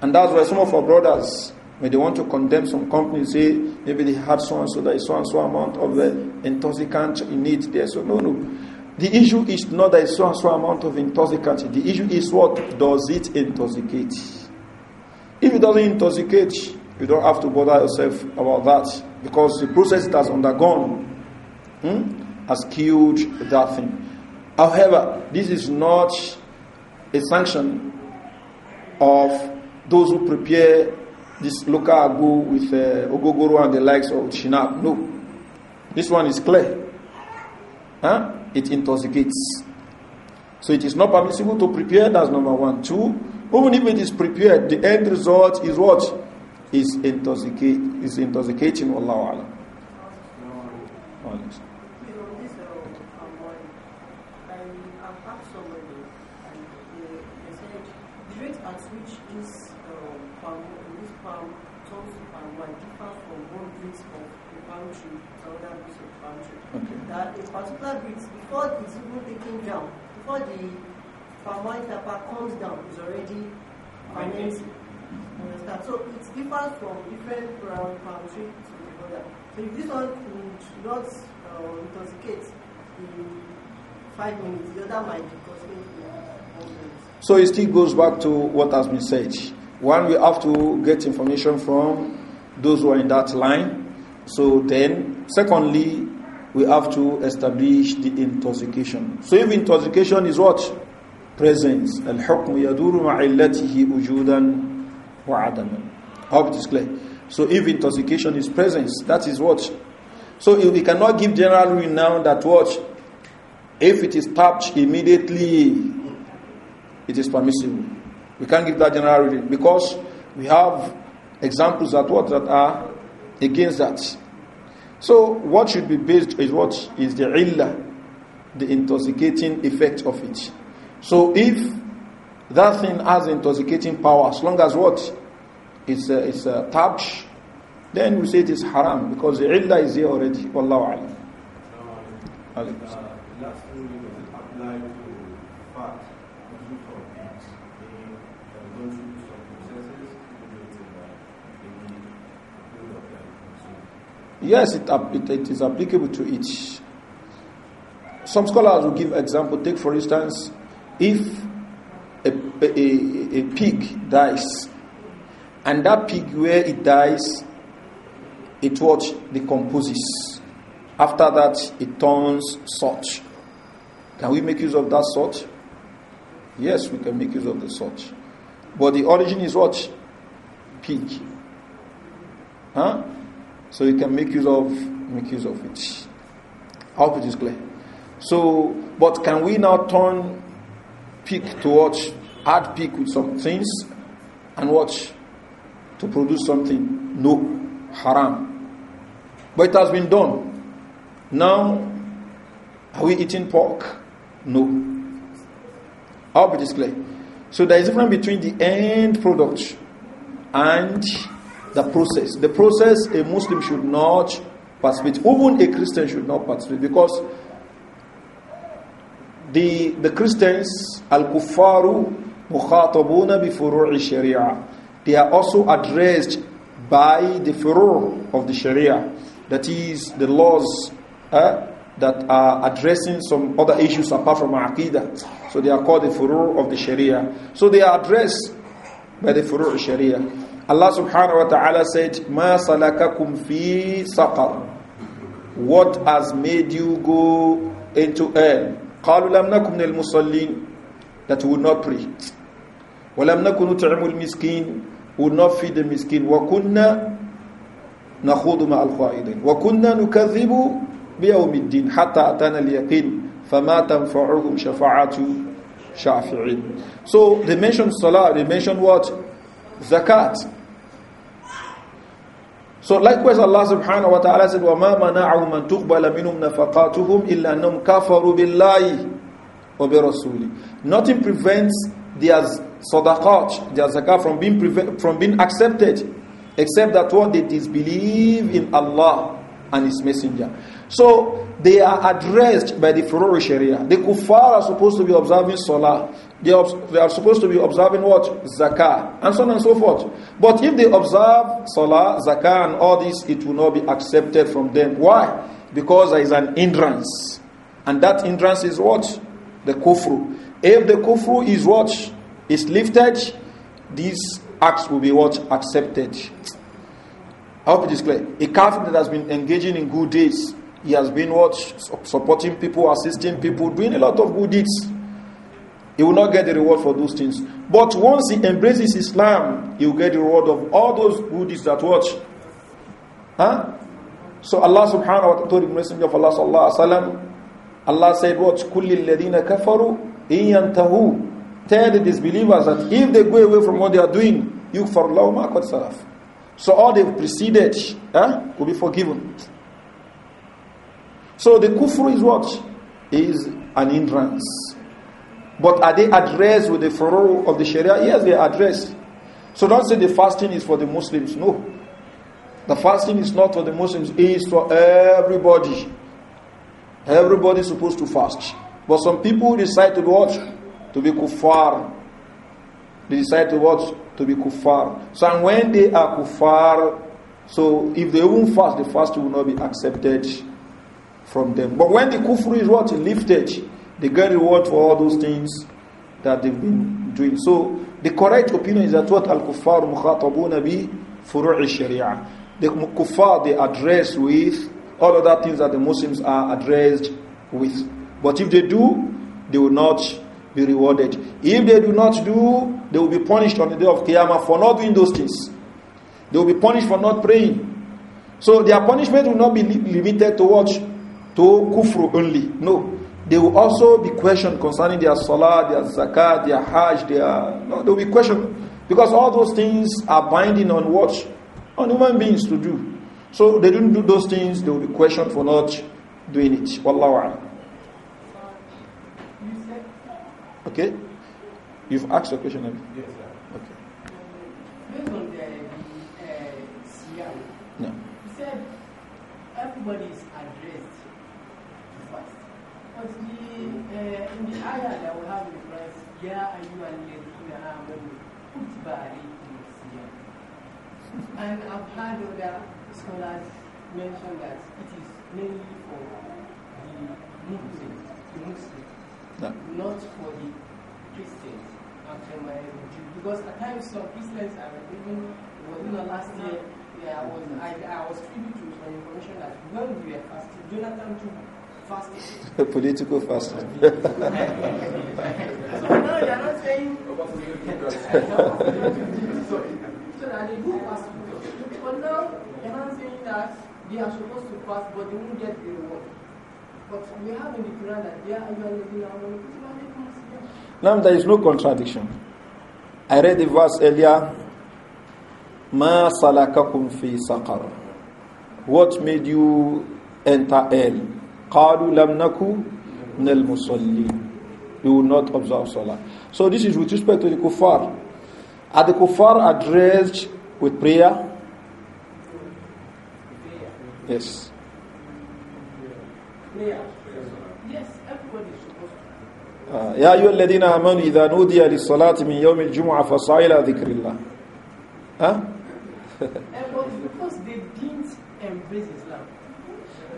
And that's why some of our brothers, when they want to condemn some companies, say maybe they had so and so, there is so and so amount of the uh, intoxicant in it there. So, no, no. The issue is not that so and so amount of intoxicant. The issue is what does it intoxicate? If it doesn't intoxicate, you don't have to bother yourself about that because the process it has undergone hmm? has killed that thing. However, this is not a sanction of those who prepare this local agu with uh, ogogoro and the likes of chinap. No. This one is clear. Huh? It intoxicates. So it is not permissible to prepare, that's number one. Two, even if it is prepared, the end result is what? Is, is intoxicating, Allah. Alam. it's before it's even taken down, before the palm tapa comes down, it's already fermented. So it's different from different palm, palm tree to the other. So if this one does not uh, intoxicate in five minutes, the other might intoxicate uh, So it still goes back to what has been said. One, we have to get information from those who are in that line. So then, secondly, we have to establish the intoxication. So if intoxication is what? Presence. Al-hukm yaduru ma'illatihi ujudan wa'adaman. Hope it is clear. So if intoxication is presence, that is what? So we cannot give general rule now that what? If it is touched immediately, it is permissible. We can't give that general rule because we have examples that what that are against that. So what should be based is what is the illah, the intoxicating effect of it. So if that thing has intoxicating power, as long as what is a, it's a tapped, then we say it is haram because the illah is there already. Wallahu alam. Yes, it, it, it is applicable to each. Some scholars will give example. Take for instance, if a, a, a pig dies, and that pig where it dies, it what decomposes. After that, it turns such. Can we make use of that sort? Yes, we can make use of the sort. But the origin is what? Pig. Huh? So you can make use of make use of it. I hope it is clear. So, but can we now turn peak to watch, add peak with some things and watch to produce something? No, haram. But it has been done. Now, are we eating pork? No. I hope it is clear. So there is a difference between the end product and the process. The process a Muslim should not participate. Even a Christian should not participate because the, the Christians, al-kuffaru mukhatabuna bi furu'i sharia. They are also addressed by the furu of the sharia. That is the laws uh, that are addressing some other issues apart from aqidah. So they are called the furu of the sharia. So they are addressed by the furu furur sharia. Allah subhanahu wa ta'ala said, Ma salakakum fi saqar. What has made you go into hell? قالوا لم نكن من المصلين that would not pray ولم نكن نطعم المسكين would not feed the miskin وكنا نخوض مع الخائضين وكنا نكذب بيوم الدين حتى أتانا اليقين فما تنفعهم شفاعة شافعين so they mention salah they mention what zakat So likewise, Allah subhanahu wa ta'ala said, وَمَا مَنَعُوا مَنْ تُقْبَلَ مِنُمْ نَفَقَاتُهُمْ إِلَّا أَنَّهُمْ كَفَرُوا بِاللَّهِ وَبِرَسُولِ Nothing prevents their sadaqat, their zakah from being, from being accepted, except that what they disbelieve in Allah and His Messenger. So they are addressed by the furor sharia. The kuffar are supposed to be observing salah. They, they are supposed to be observing what? Zakah. And so on and so forth. But if they observe salah, zakah and all this, it will not be accepted from them. Why? Because there is an hindrance. And that hindrance is what? The kufru. If the kufru is what? Is lifted, these acts will be what? Accepted. I hope it is clear. A kafir that has been engaging in good deeds he has been what? Supporting people, assisting people, doing a lot of good deeds. He will not get the reward for those things. But once he embraces Islam, he will get the reward of all those good deeds that watch. Huh? So Allah subhanahu wa ta'ala told the Messenger of Allah sallallahu alayhi wa sallam, Allah said what? كُلِّ ladina kafaru إِن يَنْتَهُوا Tell the disbelievers that if they go away from what they are doing, you لَهُمَا ma سَلَفُ So all they've preceded huh, will be forgiven. So the kufru is what? Is an hindrance. But are they addressed with the furor of the Sharia? Yes, they are addressed. So don't say the fasting is for the Muslims. No. The fasting is not for the Muslims, it is for everybody. Everybody is supposed to fast. But some people decide to be what? To be kuffar. They decide to what? To be kuffar. So and when they are kuffar, so if they won't fast, the fast will not be accepted from them. But when the kufr is what lifted, they get reward for all those things that they've been doing. So the correct opinion is that what al kuffar mukhatabuna bi furu'i sharia. The kuffar they address with all other things that the Muslims are addressed with. But if they do, they will not be rewarded. If they do not do, they will be punished on the day of Qiyamah for not doing those things. They will be punished for not praying. So their punishment will not be li limited to what to kufru only. No. They will also be questioned concerning their salah, their zakat, their hajj, their. No, they will be questioned. Because all those things are binding on what? On human beings to do. So they don't do those things, they will be questioned for not doing it. Wallahu a'lam. Okay? You've asked your question, Yes, sir. Okay. Based on the, uh, no. you said everybody is Eh, in the that we have And I've heard other scholars mention that it is mainly for the Muslims, the Muslims no. not for the Christians. After my because at times some Christians are even within the last year, yeah, I was I, I was privy to some information that when we were fasting, Jonathan took Fasting. *laughs* Political fasting. *laughs* no, you're not saying. so that they do fast. But now, you're not saying that they are supposed to fast, but they won't get the reward. But we have in the Quran that they are living our Now, there is no contradiction. I read the verse earlier. Ma salakakum fi saqar. What made you enter hell? قَالُوا لَمْ نَكُ مِنَ الْمُصَلِّينَ We will not observe salah. So this is with respect to the kuffar. Are the kuffar addressed with prayer? Yes. Uh, يا أيها الذين آمنوا إذا نودي للصلاة من يوم الجمعة فصعوا ذكر الله ها؟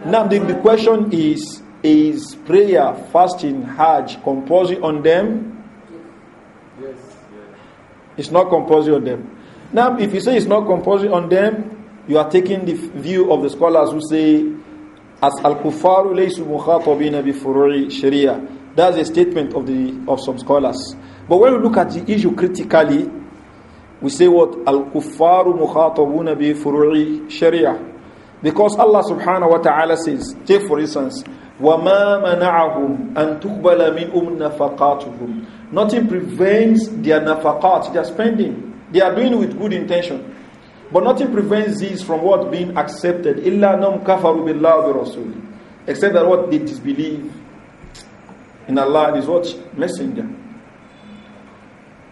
Now, the, the question is Is prayer, fasting, Hajj compulsory on them? Yes. It's not compulsory on them. Now, if you say it's not compulsory on them, you are taking the view of the scholars who say, as al kufaru laysu mukhatabina bi furu'i sharia. That's a statement of the of some scholars. But when we look at the issue critically, we say what al kufaru mukhatabuna bi furu'i sharia because Allah subhanahu wa ta'ala says, take for instance, وَمَا مَنَعَهُمْ أَن تُقْبَلَ مِنْهُمْ نَفَقَاتُهُمْ Nothing prevents their nafaqat, their spending. They are doing with good intention. But nothing prevents these from what being accepted. إِلَّا نَمْ كَفَرُوا بِاللَّهِ وَرَسُولِ Except that what they disbelieve in Allah is what? Messenger.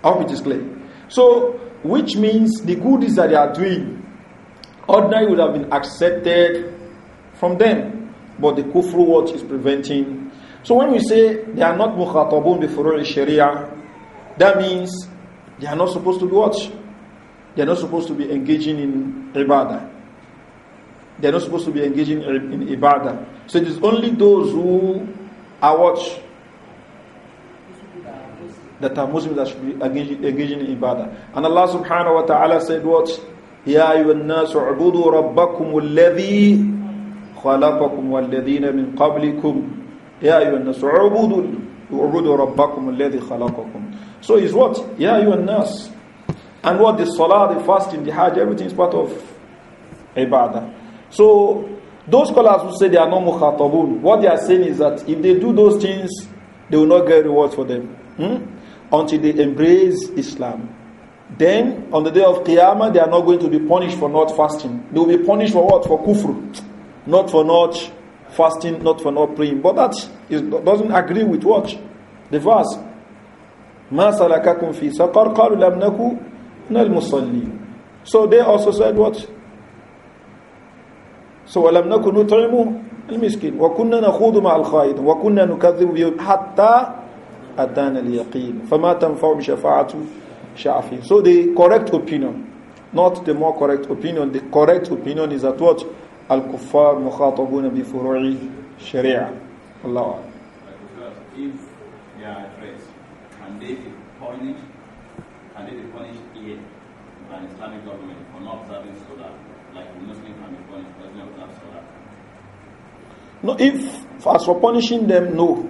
I hope it is clear. So, which means the good is that they are doing ordinary would have been accepted from them, but the kufru is preventing. So when we say they are not mukhatabun before sharia, that means they are not supposed to be what? They are not supposed to be engaging in ibadah. They are not supposed to be engaging in ibadah. So it is only those who are what? That are Muslims that should be engaging, engaging in ibadah. And Allah subhanahu wa ta'ala said what? يا أيها الناس اعبدوا ربكم الذي خلقكم والذين من قبلكم يا أيها الناس اعبدوا اعبدوا ربكم الذي خلقكم So is what? يا أيها الناس And what the salah, the fasting, the hajj, everything is part of ibadah. So those scholars who say they are not mukhatabun, what they are saying is that if they do those things, they will not get rewards for them hmm? until they embrace Islam. Then on the day of Qiyamah, they are not going to be punished for not fasting. They will be punished for what? For kufr. Not for not fasting, not for not praying. But that is, doesn't agree with what? The verse. مَا سَلَكَكُمْ فِي سَقَرْ قَالُوا لَمْ نَكُ نَالْمُصَلِّينَ So they also said what? So وَلَمْ نَكُ نُطْعِمُ الْمِسْكِينَ وَكُنَّا نَخُوضُ مَعَ الْخَائِدِ وَكُنَّا نُكَذِّبُ بِهِ حَتَّى أَتَانَا الْيَقِينَ فَمَا تَنْفَعُ شَفَاعَةُ Shafi. So the correct opinion, not the more correct opinion, the correct opinion is that what? Al-Kuffar mukhatabuna bi furu'i sharia. Allah. If they are addressed, can they be punished? Can they be punished here by an Islamic government for not observing Salah? Like Muslims Muslim can be punished for not observing Salah? No, if as for punishing them, no.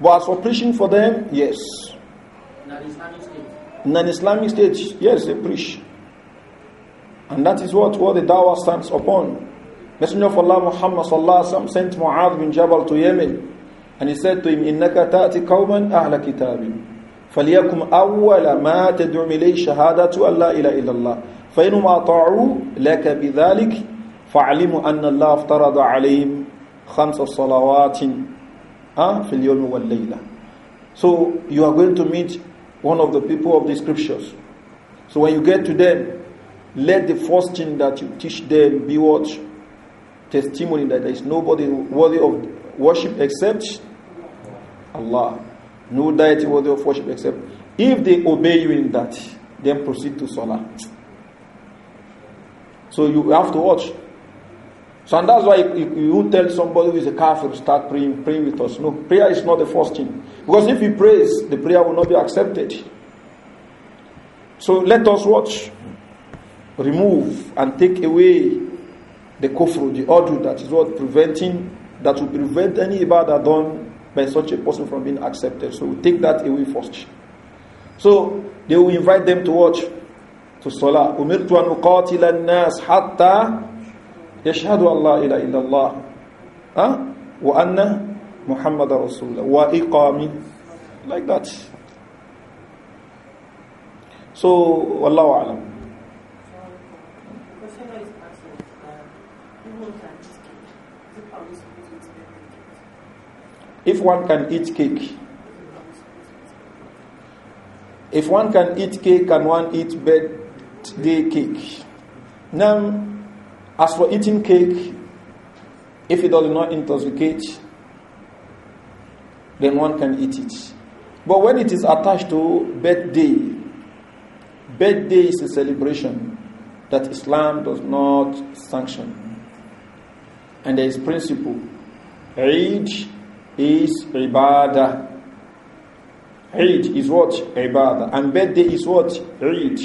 But as for preaching for them, yes. Islamic State in an Islamic state, yes, they preach. And that is what, what the dawah stands upon. Messenger of Allah Muhammad sallam, sent Mu'adh bin Jabal to Yemen. And he said to him, إِنَّكَ تَأْتِ قَوْمًا أَهْلَ كِتَابٍ فَلْيَكُمْ أَوَّلَ مَا تَدْعُمْ إِلَيْهِ شَهَادَةُ أَلَّا إِلَى إِلَى اللَّهِ فَإِنُمْ أَطَعُوا لَكَ بِذَلِكَ فَعْلِمُوا أَنَّ اللَّهَ افترض عَلَيْهِمْ خَمْسَ صَلَوَاتٍ فِي الْيَوْمِ وَاللَّيْلَةِ So you are going to meet one of the people of the scriptures. So when you get to them, let the first thing that you teach them be what? Testimony that there is nobody worthy of worship except Allah. No deity worthy of worship except. If they obey you in that, then proceed to Salah. So you have to watch. So and that's why you, you tell somebody who is a kafir to start praying, pray with us. No, prayer is not the first thing. Because if he prays, the prayer will not be accepted. So let us watch, remove and take away the kufru, the odru that is what preventing, that will prevent any ibadah done by such a person from being accepted. So we take that away first. So they will invite them to watch to salah. يشهد أن لا إله إلا الله أه? وأن محمد رسول الله وإقام like that so والله أعلم If one can eat cake, if one can eat cake, can one eat birthday cake? Now, As for eating cake, if it does not intoxicate, then one can eat it. But when it is attached to birthday, birthday is a celebration that Islam does not sanction. And there is principle. Eid is ibadah. Eid is what? Ibadah. And birthday is what? Eid.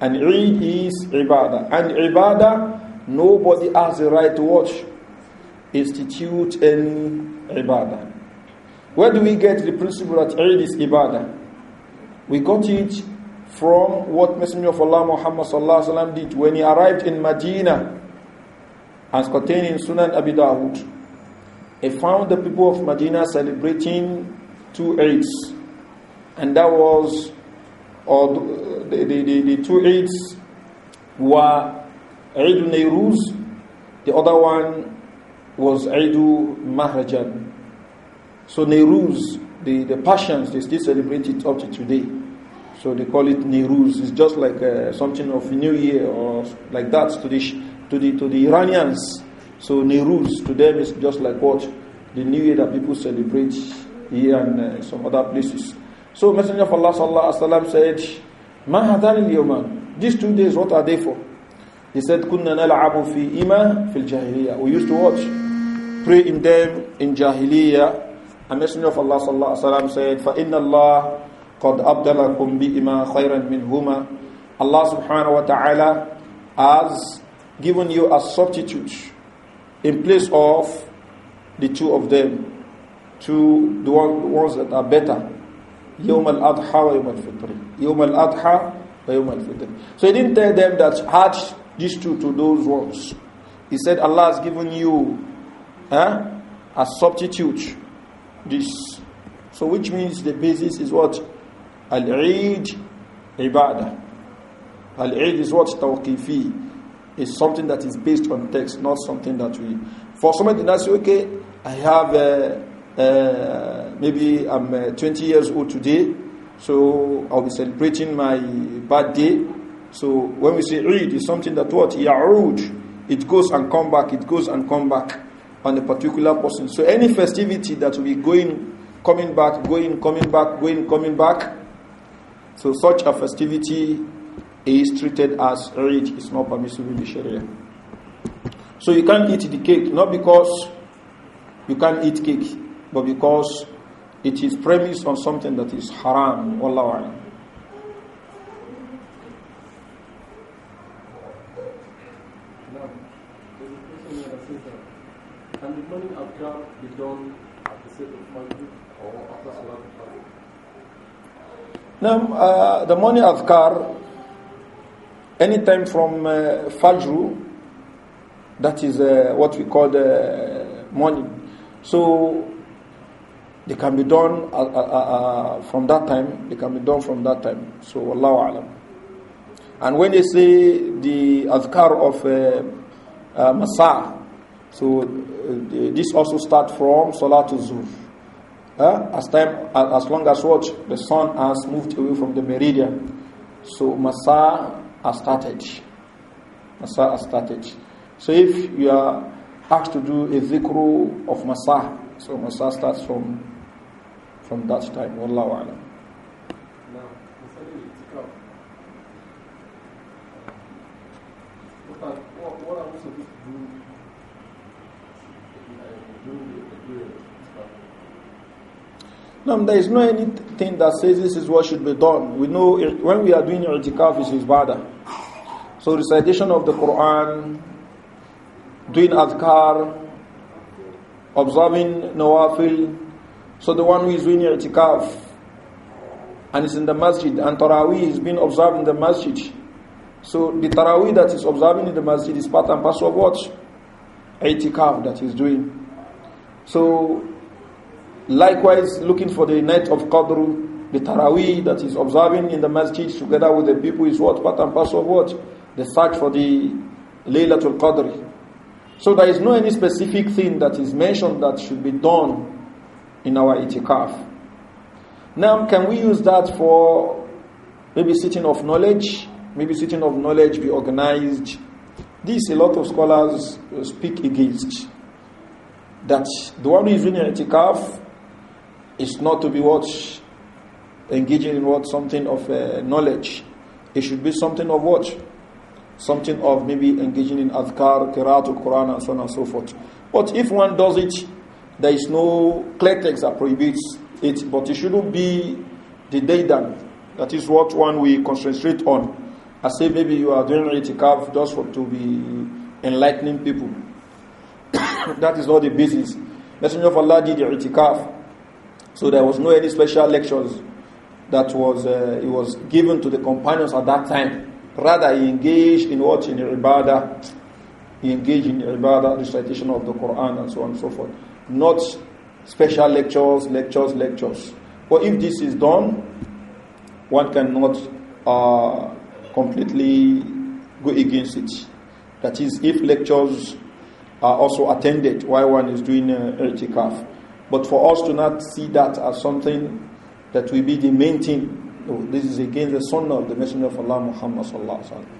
And Eid is ibadah. And ibadah Nobody has the right to watch, institute any ibadah. Where do we get the principle that Eid is ibadah? We got it from what Messenger of Allah Muhammad sallallahu did when he arrived in Medina, as contained in Sunan Abi Dawud. He found the people of Medina celebrating two Eids, and that was, or the, the, the, the two Eids were Eid Nairuz. The other one was Eid Mahrajan. So Nairuz, the, the passions, they still celebrate it up to today. So they call it Nairuz. It's just like uh, something of New Year or like that to the, to the, to the Iranians. So Nairuz to them is just like what the New Year that people celebrate here and uh, some other places. So Messenger of Allah sallallahu alaihi wasallam said, These two days, what are they for?" He said, Kunna nal'abu fi ima fil jahiliya. We used to watch, pray in them in jahiliya. A messenger of Allah sallallahu alaihi wasallam said, "For inna Allah qad abdalakum bi ima khayran minhuma." Allah subhanahu wa ta'ala has given you a substitute in place of the two of them, to the ones that are better. يوم الأضحى ويوم الفطر يوم الأضحى ويوم الفطر So he didn't tell them that Hajj these two to those ones. He said, Allah has given you eh, a substitute. This. So, which means the basis is what? Al Eid Ibadah. Al Eid is what? Tawqifi. Is something that is based on text, not something that we. For somebody that say, okay, I have uh, uh, maybe I'm uh, 20 years old today, so I'll be celebrating my birthday so when we say Eid, it's something that what? Ya'ud. It goes and come back, it goes and come back on a particular person. So any festivity that will be going, coming back, going, coming back, going, coming back, so such a festivity is treated as Eid. It's not permissible in the Sharia. So you can't eat the cake, not because you can't eat cake, but because it is premised on something that is haram. Wallahu don't anticipate Maghrib or after Salat al Now, uh, the morning adhkar, anytime from uh, Fajr, that is uh, what we call the morning. So they can be done uh uh, uh, uh, from that time. They can be done from that time. So Allahu alam. And when they say the adhkar of uh, uh Masa, so uh, this also starts from Salatul Zuhr. Huh? As, time, as long as what? The sun has moved away from the meridian. So Masa has started. Masa has started. So if you are asked to do a zikru of Masa, so Masa starts from from that time. Wallahu alam. What are, what, what are No, there is no anything that says this is what should be done. We know when we are doing i'tikaf, it is ibadah. So recitation of the Quran, doing adhkar, observing nawafil. So the one who is doing i'tikaf and is in the masjid, and taraweeh is being observed in the masjid. So the taraweeh that is observing in the masjid is part and parcel of what? I'tikaf that he's doing. So Likewise, looking for the night of Qadr, the Taraweeh that is observing in the masjid together with the people is what? Part and parcel of what? The search for the Laylatul Qadr. So there is no any specific thing that is mentioned that should be done in our itikaf. Now, can we use that for maybe sitting of knowledge? Maybe sitting of knowledge be organized. This a lot of scholars speak against. That the one who is doing itikaf is not to be what? Engaging in what? Something of uh, knowledge. It should be something of what? Something of maybe engaging in azkar, qira'at, Quran, and so on and so forth. But if one does it, there is no clear text that prohibits it, but it shouldn't be the daydan. That is what one we concentrate on. I say maybe you are doing itikaf just for to be enlightening people. *coughs* that is not the business. Messenger of Allah did the itikaf so there was no any special lectures that was uh, it was given to the companions at that time. Rather, he engaged in what in ibadah, he engaged in ibadah, recitation of the Quran, and so on and so forth. Not special lectures, lectures, lectures. But if this is done, one cannot uh, completely go against it. That is, if lectures are also attended while one is doing uh, itikaf. But for us to not see that as something that will be the main thing, oh, this is again the sunnah of the Messenger of Allah Muhammad sallallahu alaihi wasallam.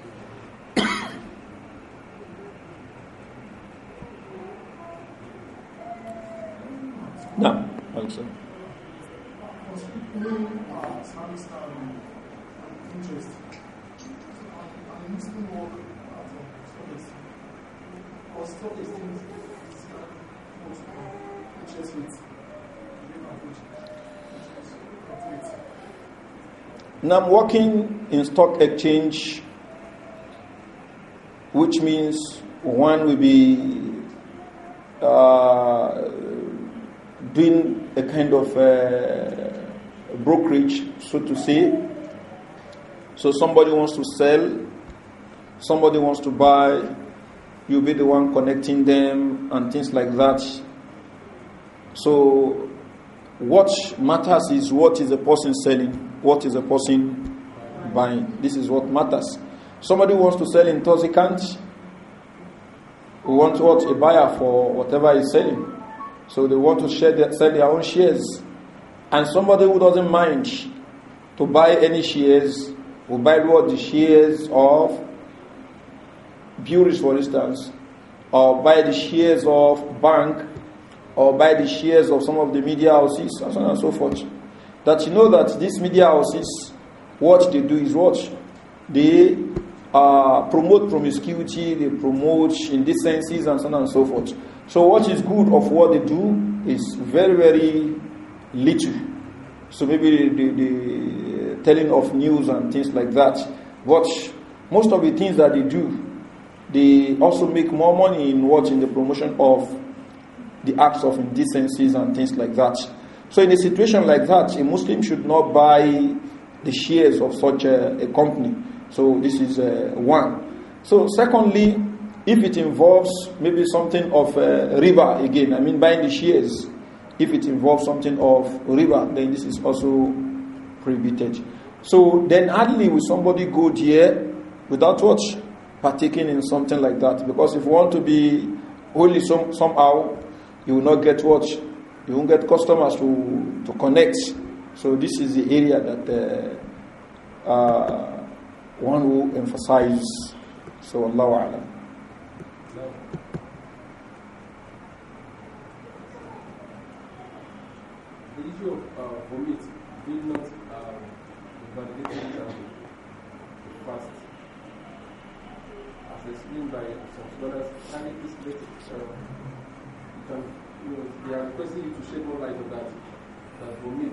No, I think so. Now I'm working in stock exchange, which means one will be uh, doing a kind of uh, brokerage, so to say. So somebody wants to sell, somebody wants to buy, you'll be the one connecting them and things like that. So, what matters is what is the person selling, what is the person buying. This is what matters. Somebody wants to sell intoxicant, who wants what a buyer for whatever he's selling. So they want to share their, sell their own shares. And somebody who doesn't mind to buy any shares will buy what the shares of Buris, for instance, or buy the shares of bank or buy the shares of some of the media houses and so on and so forth. That you know that these media houses, what they do is what they uh, promote promiscuity, they promote indecencies and so on and so forth. So what is good of what they do is very, very little. So maybe the, the, the telling of news and things like that. But most of the things that they do, they also make more money in what in the promotion of the acts of indecencies and things like that. So, in a situation like that, a Muslim should not buy the shares of such a, a company. So, this is uh, one. So, secondly, if it involves maybe something of a uh, riba again, I mean buying the shares, if it involves something of riba, then this is also prohibited. So, then hardly will somebody go there without what? Partaking in something like that. Because if you want to be holy some, somehow, you will not get what? You won't get customers to, to connect. So this is the area that uh, uh, one will emphasize. So Allah Alam. Uh, um, um, can it uh, you they are requesting you to shed more light on that. That vomit.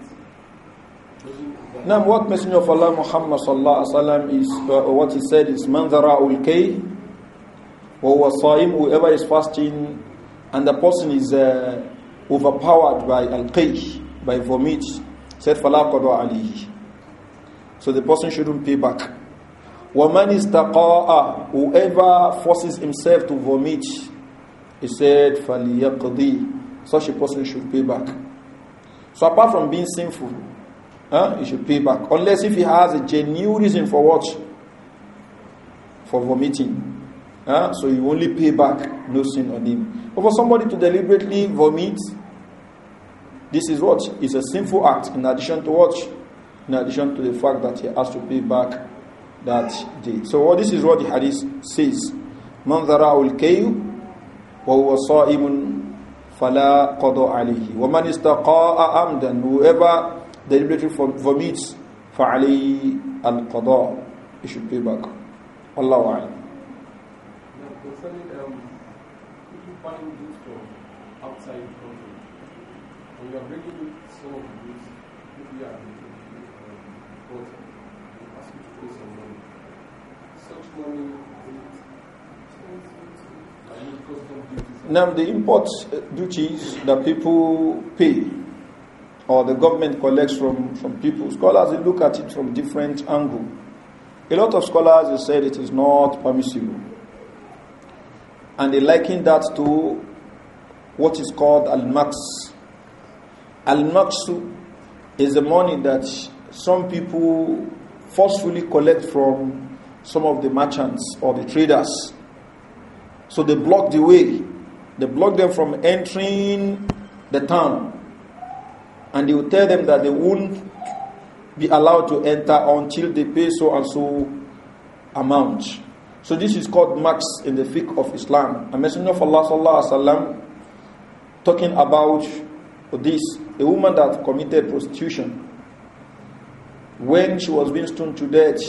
Now, what Messenger of Allah Muhammad sallallahu alaihi wasallam is uh, what he said is manzara ulkay wa saim whoever is fasting and the person is uh, overpowered by al-qay by vomit said fala qada alayhi so the person shouldn't pay back is taqaa, Whoever forces himself to vomit, he said, فَلْيَقْضِي such a person should pay back. So apart from being sinful, huh, he should pay back. Unless if he has a genuine reason for what? For vomiting. Huh? So you only pay back, no sin on him. But for somebody to deliberately vomit, this is what? It's a sinful act in addition to what? In addition to the fact that he has to pay back that deed. So this is what the hadith says. Man dhara'ul kayu wa huwa sa'imun فلا قضاء عليه ومن استقاء عمدا whoever deliberately vomits فعليه القضاء he should pay back والله أعلم outside the you Now, the import uh, duties that people pay or the government collects from, from people, scholars look at it from different angle. A lot of scholars have said it is not permissible. And they liken that to what is called al-max. al maxu is the money that some people forcefully collect from some of the merchants or the traders so they blocked the way. They blocked them from entering the town. And they would tell them that they wouldn't be allowed to enter until they pay so and so amount. So this is called max in the fiqh of Islam. A messenger of Allah sallallahu alaihi wasallam talking about this a woman that committed prostitution when she was being stoned to death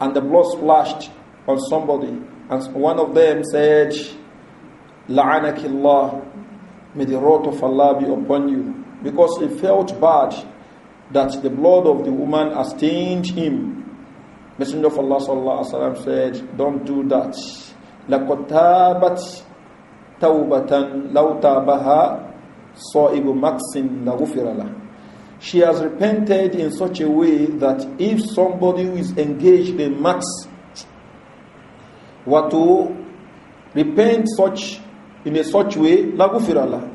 and the blood splashed on somebody and one of them said, La'anakillah, may the wrath of Allah be upon you. Because he felt bad that the blood of the woman has stained him. Messenger of Allah sallallahu alaihi wasallam said, Don't do that. لَقَدْ تَوْبَةً لَوْ تَابَهَا صَائِبُ مَكْسٍ لَغُفِرَ لَهُ she has repented in such a way that if somebody who is engaged in max were to repent such in a such way, lagufir Allah.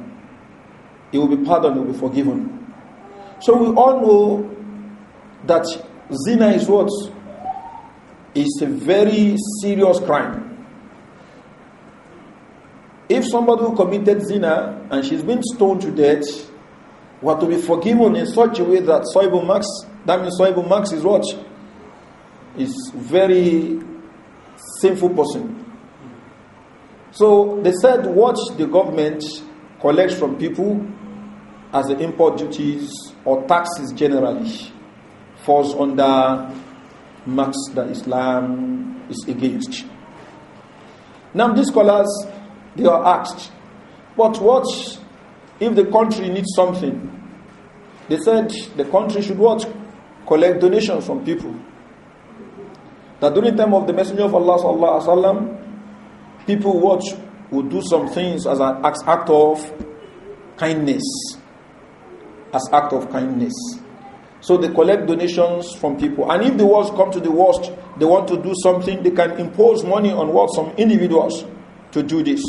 He will be pardoned, he will be forgiven. So we all know that zina is what? It's a very serious crime. If somebody who committed zina and she's been stoned to death were to be forgiven in such a way that soibu max, that means soibu max is what? Is very sinful person. So they said what the government collects from people as the import duties or taxes generally falls under marks that Islam is against. Now these scholars they are asked, but what if the country needs something? They said the country should what? Collect donations from people. That during the time of the Messenger of Allah sallallahu alaihi wasallam, people watch would do some things as an act of kindness, as act of kindness. So they collect donations from people, and if the worst come to the worst, they want to do something. They can impose money on what some individuals to do this.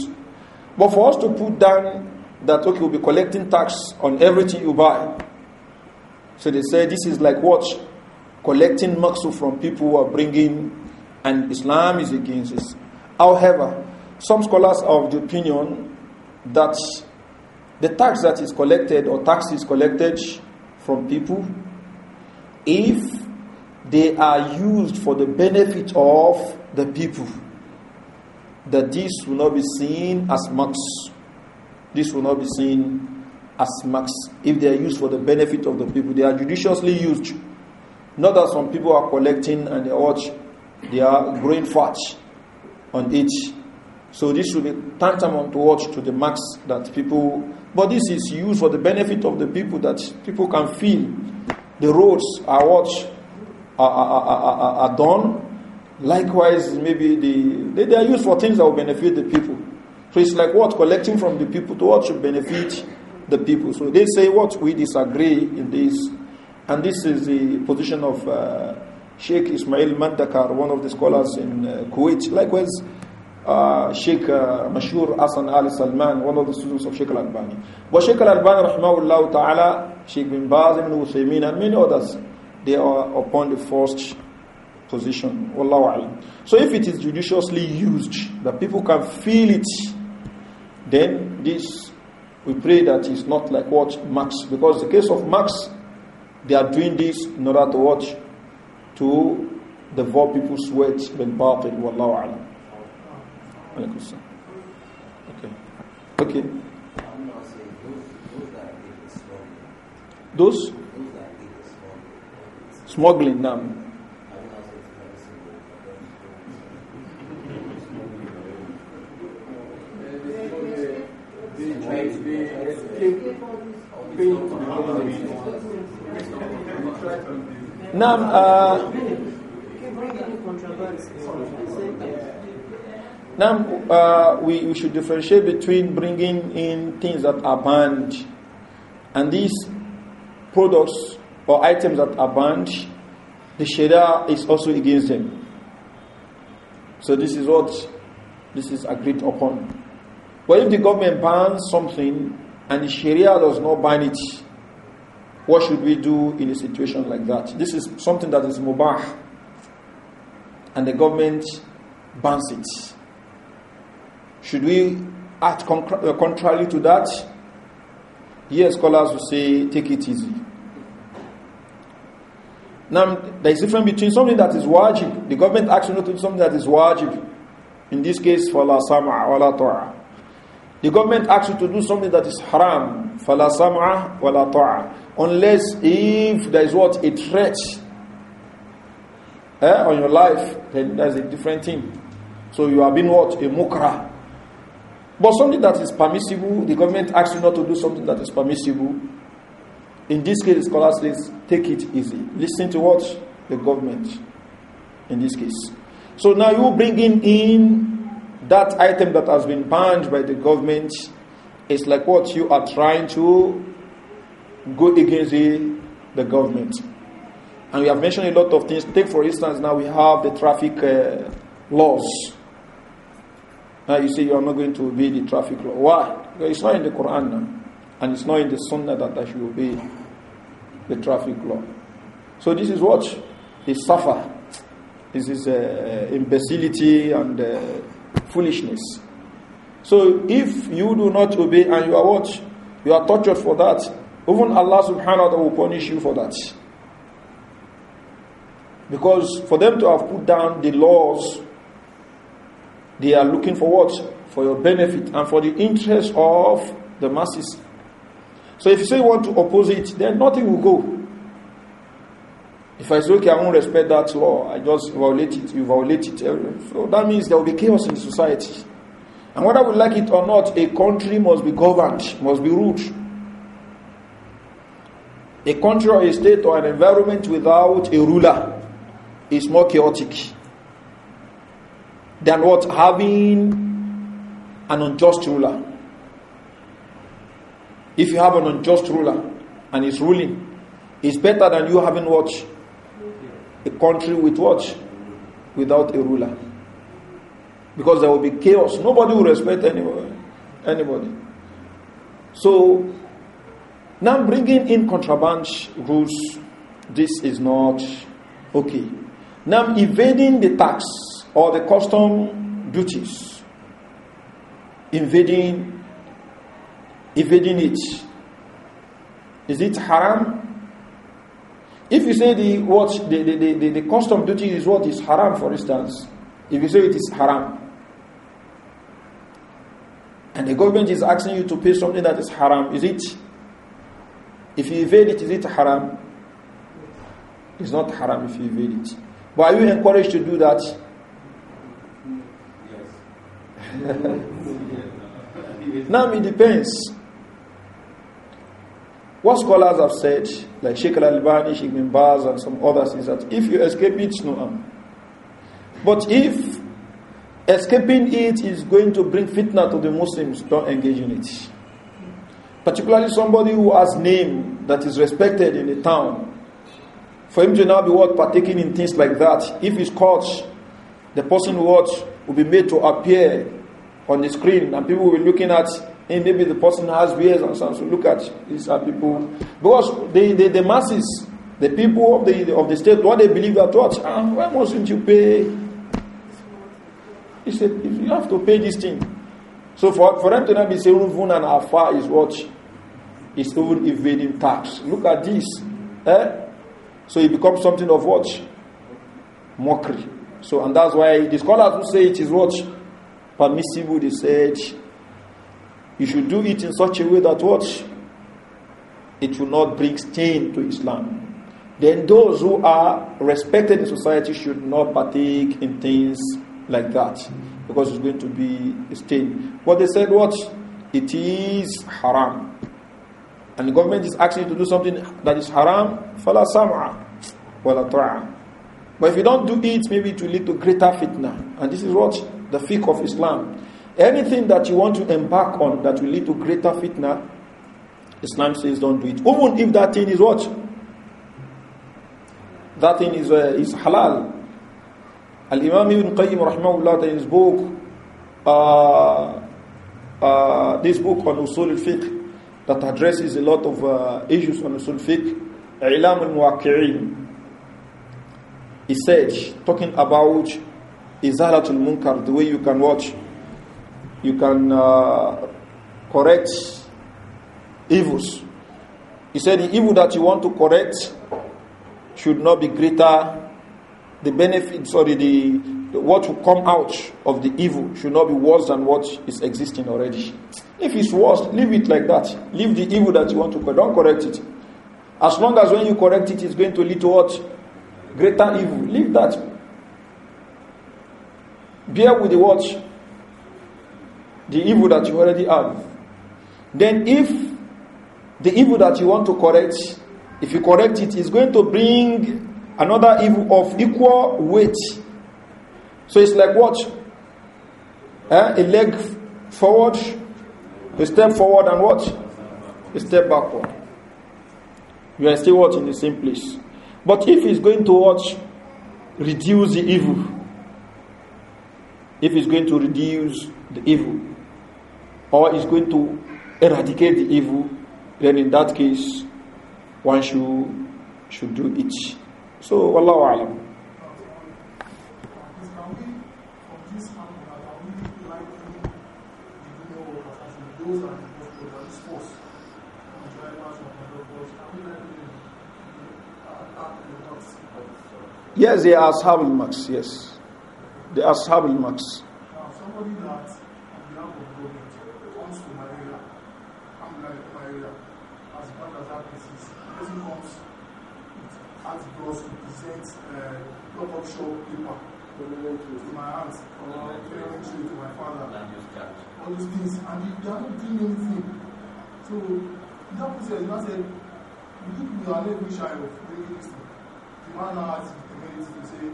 But for us to put down that okay, we'll be collecting tax on everything you buy. So they say this is like what collecting maqsu from people who are bringing, and Islam is against this. However, some scholars are of the opinion that the tax that is collected or tax is collected from people, if they are used for the benefit of the people, that this will not be seen as max. This will not be seen as max if they are used for the benefit of the people. They are judiciously used not that some people are collecting and they watch, they are growing fat on it. So this should be tantamount to watch to the max that people. But this is used for the benefit of the people that people can feel. The roads are watched are, are, are, are, done. Likewise, maybe the, they, they are used for things that will benefit the people. So it's like what collecting from the people to what should benefit the people. So they say what we disagree in this and this is the position of uh, Sheikh Ismail Mandakar, one of the scholars in uh, Kuwait. Likewise, uh, Sheikh uh, Mashur Asan Ali Salman, one of the students of Sheikh Al Albani. But Sheikh Al Albani, Rahmahullah Ta'ala, Sheikh Bin Baz, Ibn Uthaymeen, and many others, they are upon the first position. Wallahu alam. So if it is judiciously used, that people can feel it, then this we pray that is not like what Marx, because the case of Marx they are doing this in order to watch to devour people's words bil batil wallahu alam. Alaikum Okay. Okay. Those smuggling them. They, they, now, uh, now uh, we, we should differentiate between bringing in things that are banned and these products or items that are banned, the Sharia is also against them. So this is what this is agreed upon. But if the government bans something and the Sharia does not ban it, what should we do in a situation like that? This is something that is mubah, and the government bans it. Should we act contra uh, contrary to that? Here, scholars will say, take it easy. Now, there is a difference between something that is wajib. The government acts not to do something that is wajib. In this case, for la sama wa la ta'a. The government asks you to do something that is haram, fala sam'a wala unless if there is what a threat eh, on your life, then that's a different thing. So you are being what a mukra. But something that is permissible, the government asks you not to do something that is permissible. In this case, scholars say take it easy. Listen to what the government. In this case, so now you bringing in that item that has been banned by the government is like what you are trying to go against the, the government. And we have mentioned a lot of things. Take, for instance, now we have the traffic uh, laws. Now you say you are not going to obey the traffic law. Why? Because it's not in the Quran now. And it's not in the Sunnah that I should obey the traffic law. So this is what is suffer. This is uh, imbecility and uh, foolishness. So if you do not obey and you are what? You are tortured for that. Even Allah subhanahu wa ta'ala will punish you for that. Because for them to have put down the laws, they are looking for what? For your benefit and for the interest of the masses. So if you say you want to oppose it, then nothing will go. If I say, okay, I won't respect that law, I just violate it, you violate it. Eh, so that means there will be chaos in society. And whether we like it or not, a country must be governed, must be ruled. A country or a state or an environment without a ruler is more chaotic than what having an unjust ruler. If you have an unjust ruler and he's ruling, it's better than you having what? a country with what? Without a ruler. Because there will be chaos. Nobody will respect anybody. anybody. So, now bringing in contraband rules, this is not okay. Now evading the tax or the custom duties, invading, evading it. Is it haram? If you say the what the, the, the, the cost of duty is what is haram, for instance, if you say it is haram, and the government is asking you to pay something that is haram, is it? If you evade it, is it haram? It's not haram if you evade it. But are you encouraged to do that? Yes. *laughs* now it depends. What scholars have said, like Sheikh al-Albani, Sheikh bin Baz, and some others, is that if you escape it, no harm. But if escaping it is going to bring fitna to the Muslims, don't engage in it. Particularly somebody who has name that is respected in the town. For him to now be what partaking in things like that, if he's caught, the person watch will be made to appear on the screen and people will be looking at and maybe the person has beers and something. Look at these people. Because the, the, the masses, the people of the, of the state, what they believe that what? Ah, why mustn't you pay? He said, if you have to pay this thing. So for, for them to not be saying even an afar is what? It's even evading tax. Look at this. Eh? So it becomes something of what? Mockery. So and that's why the scholars who say it is what? Permissible, they said you should do it in such a way that what? It will not bring stain to Islam. Then those who are respected in society should not partake in things like that because it's going to be a stain. What they said, what? It is haram. And the government is asking you to do something that is haram, fala sam'a, wala ta'a. But if you don't do it, maybe it will lead to greater fitna. And this is what? The fiqh of Islam. Anything that you want to embark on that will lead to greater fitna, Islam says don't do it. Even if that thing is what? That thing is, uh, is halal. Al Imam Ibn Qayyim rahimahullah in his book, uh, uh, this book on usul al-fiqh that addresses a lot of uh, issues on usul fiqh, Ilam al-Muwaqqi'in. He said, talking about al Munkar, the way you can watch you can uh, correct evils. He said the evil that you want to correct should not be greater. The benefit, sorry, the, the what will come out of the evil should not be worse than what is existing already. If it's worse, leave it like that. Leave the evil that you want to correct. Don't correct it. As long as when you correct it, it's going to lead to what? Greater evil. Leave that. Bear with the watch the evil that you already have. Then, if the evil that you want to correct, if you correct it, is going to bring another evil of equal weight. So it's like what? Eh? A leg forward, a step forward, and what? A step backward. You are still what? In the same place. But if it's going to what? Reduce the evil. If it's going to reduce the evil, or is going to eradicate the evil, then in that case, one should, should do it. So, Wallahu Alam. Yes, they are Ashab al yes. They are Ashab al those things and they are not doing anything. So that process now said, you look me and let shy of doing this The man now has the ability to say,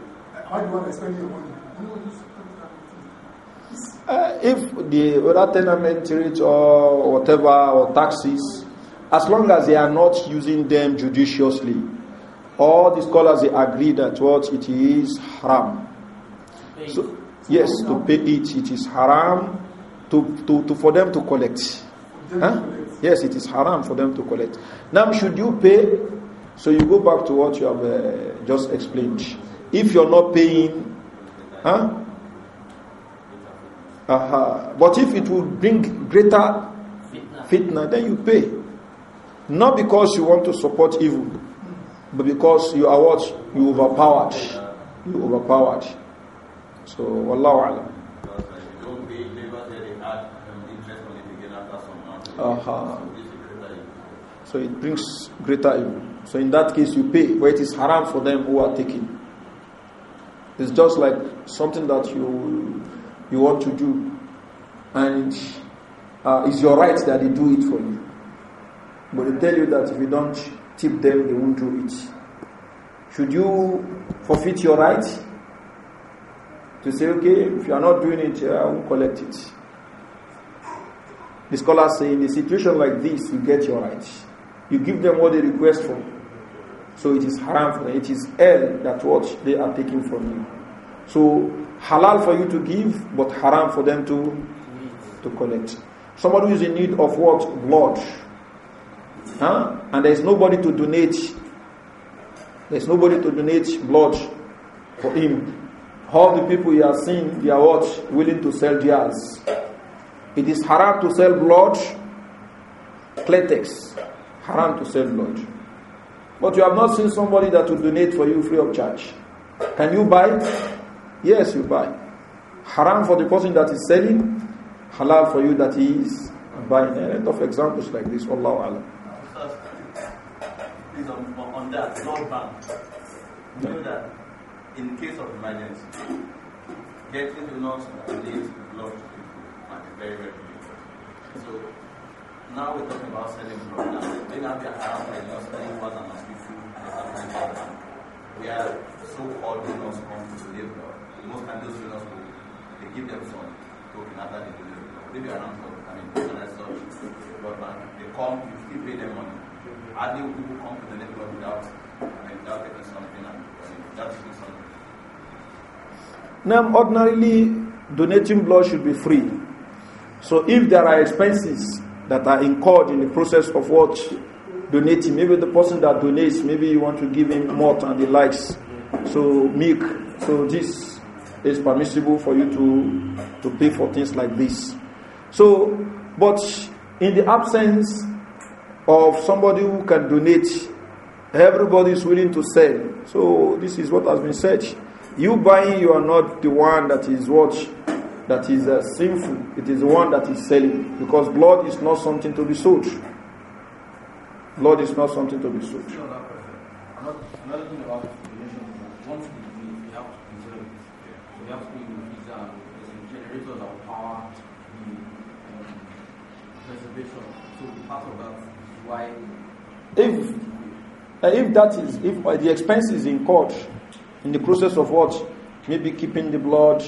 how do you want to spend your money? You know, this uh, if the other tenement rate or whatever or taxes, as long as they are not using them judiciously, all the scholars they agree that what it is haram. So, yes, to pay it, it is haram to, to, to for them to collect. huh? Yes, it is haram for them to collect. Now, should you pay? So you go back to what you have uh, just explained. If you're not paying, huh? Uh -huh. But if it would bring greater fitna. fitna, then you pay. Not because you want to support evil, but because you are what? You overpowered. You overpowered. So, Wallahu Alam. So it brings greater evil. So in that case, you pay where it is haram for them who are taking. It's just like something that you you want to do, and uh, it's your right that they do it for you. But they tell you that if you don't tip them, they won't do it. Should you forfeit your right to say, okay, if you are not doing it, I will collect it? The scholars say in a situation like this, you get your rights. You give them what they request for. So it is haram for them. It is hell that what they are taking from you. So halal for you to give, but haram for them to, to collect. Somebody who is in need of what? Blood. Huh? And there is nobody to donate. There is nobody to donate blood for him. All the people you have seen, they are what? Willing to sell theirs. It is haram to sell blood, Kletex. Haram to sell blood. But you have not seen somebody that will donate for you free of charge. Can you buy? Yes, you buy. Haram for the person that is selling, halal for you that he is buying. A lot of examples like this. Allah alam. Please, on, on that, not bank. You know that in case of emergency, getting the loss and the blood very, very difficult. So now we're talking about selling drugs. Then now they are around the nurse telling us and people We are so called donors come to deliver blood. Most times those donors will they give them some token after they deliver blood. They be around for I mean personalized service. But they come, you still pay them money. How do people come to deliver blood without I mean, without taking something and I mean, without taking something. Now, ordinarily, donating blood should be free. So if there are expenses that are incurred in the process of what donating, maybe the person that donates, maybe you want to give him more than he likes. So milk. So this is permissible for you to to pay for things like this. So, but in the absence of somebody who can donate, everybody is willing to sell. So this is what has been said. You buying, you are not the one that is what that is uh, sinful, it is the one that is selling. Because blood is not something to be sold. Blood is not something to be sold. Another thing about explanation is once we have to consider it, we have to increase generators of power, the um, preservation. So part of that is why. If uh, if that is if uh, the expenses incurred in the process of what maybe keeping the blood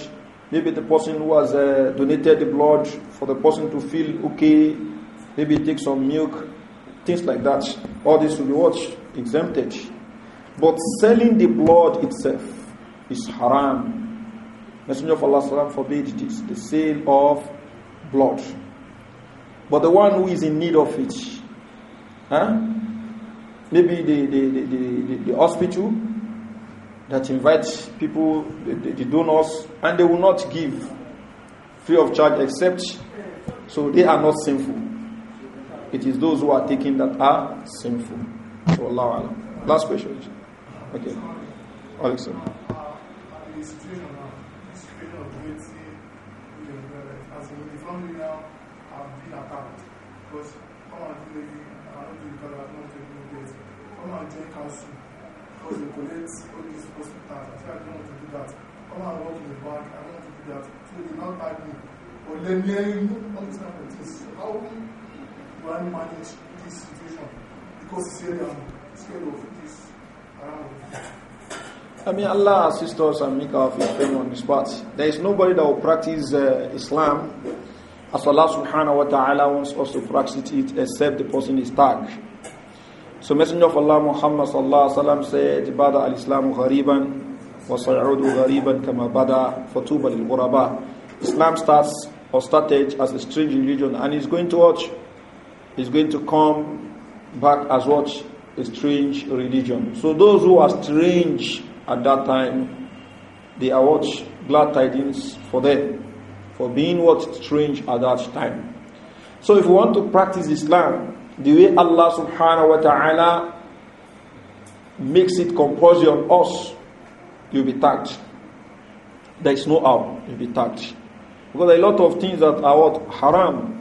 Maybe the person who has uh, donated the blood for the person to feel okay. Maybe take some milk, things like that. All this will be what? Exempted. But selling the blood itself is haram. Messenger of Allah forbids this, the sale of blood. But the one who is in need of it, huh? maybe the, the, the, the, the hospital that invite people, the, the donors, and they will not give free of charge except so they are not sinful. It is those who are taking that are sinful. So Allah Allah. Last question. Okay. Alexander. Because come and do the come and join people will collect all these hospitals. I said, I don't want to do that. Come and work in the bank. I don't want to do that. So they did not like me. Or let me all these kind of things. So how will I manage this situation? Because Syria, I'm scared of this around. I mean, Allah assist us and make our faith on this. path. There is nobody that will practice uh, Islam as Allah subhanahu wa ta'ala wants us to practice it except the person is tagged. So Messenger of Allah Muhammad sallallahu alaihi wasallam said, "Bada al-Islamu ghariban wa sayudu ghariban kama bada fatuba lil ghuraba." Islam starts or started as a strange religion and is going to watch is going to come back as what a strange religion. So those who are strange at that time, they are what glad tidings for them for being what strange at that time. So if we want to practice Islam, the way Allah subhanahu wa ta'ala makes it compulsory on us, you'll be touched. There is no harm, you'll be touched, Because a lot of things that are what? Haram.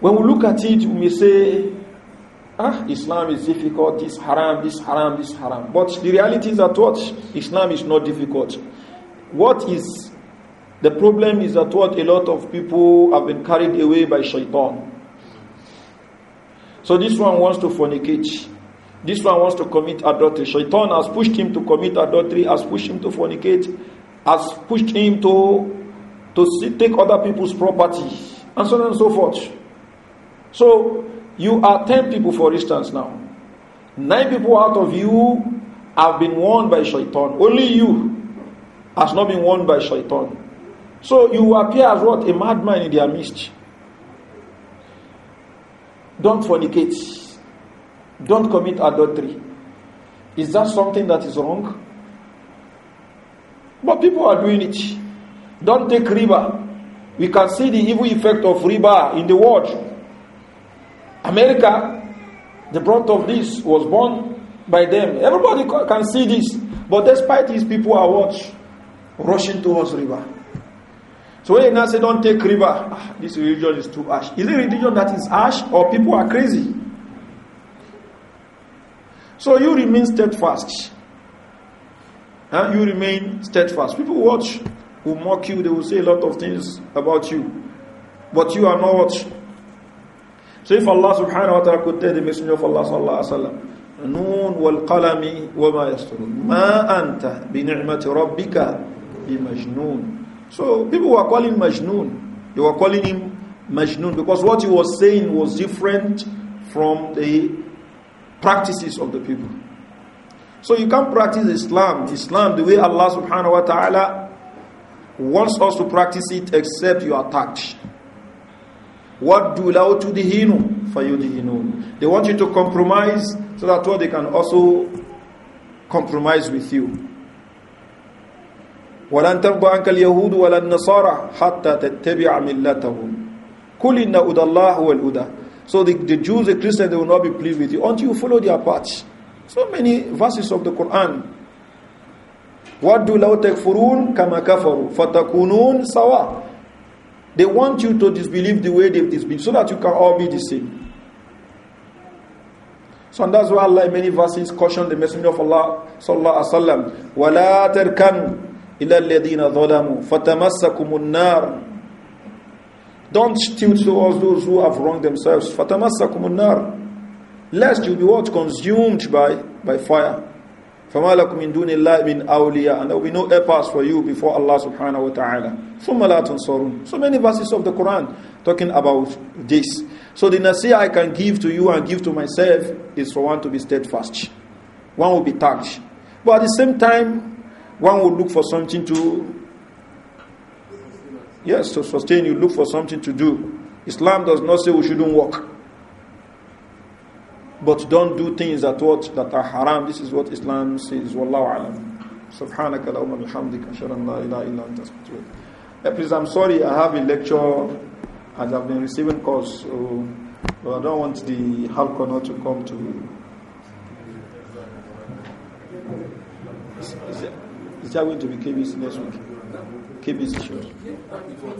When we look at it, we may say, ah, Islam is difficult, this haram, this haram, this haram. But the reality is that what? Islam is not difficult. What is the problem is that what a lot of people have been carried away by shaitan. So this one wants to fornicate. This one wants to commit adultery. Shaitan has pushed him to commit adultery, has pushed him to fornicate, has pushed him to, to see, take other people's property, and so on and so forth. So you are 10 people, for instance, now. Nine people out of you have been warned by shaitan. Only you has not been warned by shaitan. So you appear as what? A madman in their midst don't fornicate, don't commit adultery. Is that something that is wrong? But people are doing it. Don't take riba. We can see the evil effect of riba in the world. America, the brunt of this was born by them. Everybody can see this. But despite these people are watch Rushing towards river. So when you now say don't take river, ah, this religion is too ash. Is it religion that is ash or people are crazy? So you remain steadfast. Huh? You remain steadfast. People watch, will mock you, they will say a lot of things about you. But you are not. So if Allah subhanahu wa ta'ala could tell the messenger of Allah sallallahu alayhi wa sallam, نون والقلم وما Ma Anta bi بنعمة ربك بمجنون so people were calling Majnun. They were calling him Majnun because what he was saying was different from the practices of the people. So you can't practice Islam, Islam the way Allah subhanahu wa ta'ala wants us to practice it except you are touched. What do lao to the hinu for you the hinu? They want you to compromise so that what they can also compromise with you. ولن ترضى عنك اليهود ولا النصارى حتى تتبع ملتهم كل إن هدى الله هو الهدى So the, the Jews, the Christians, they will not be pleased with you until you follow their path. So many verses of the Quran. what وَدُّوا لَوْ تَكْفُرُونَ كَمَا كَفَرُوا فَتَكُونُونَ سَوَاءً They want you to disbelieve the way they've disbelieved so that you can all be the same. So and that's why Allah in many verses cautioned the Messenger of Allah sallallahu alaihi wasallam, وَلَا تَرْكَنُوا إِلَى الَّذِينَ ظَلَمُوا فَتَمَسَّكُمُ النَّارِ Don't steal towards those who have wronged themselves. فَتَمَسَّكُمُ النَّارِ Lest you be what? Consumed by, by fire. فَمَا لَكُمْ مِن دُونِ اللَّهِ مِنْ أَوْلِيَا And there will be no helpers for you before Allah subhanahu wa ta'ala. ثُمَّ لَا تُنصَرُونَ So many verses of the Quran talking about this. So the nasiyah I can give to you and give to myself is for one to be steadfast. One will be touched. But at the same time, one would look for something to yes to sustain you look for something to do islam does not say we shouldn't work but don't do things that what that are haram this is what islam says wallahu alam subhanaka allahumma bihamdika ashhadu an la ilaha illa anta astaghfiruka eh, please i'm sorry i have a lecture and i've been receiving calls so, so i don't want the halqa to come to is, is Is that going to be KBC next week? KBC show.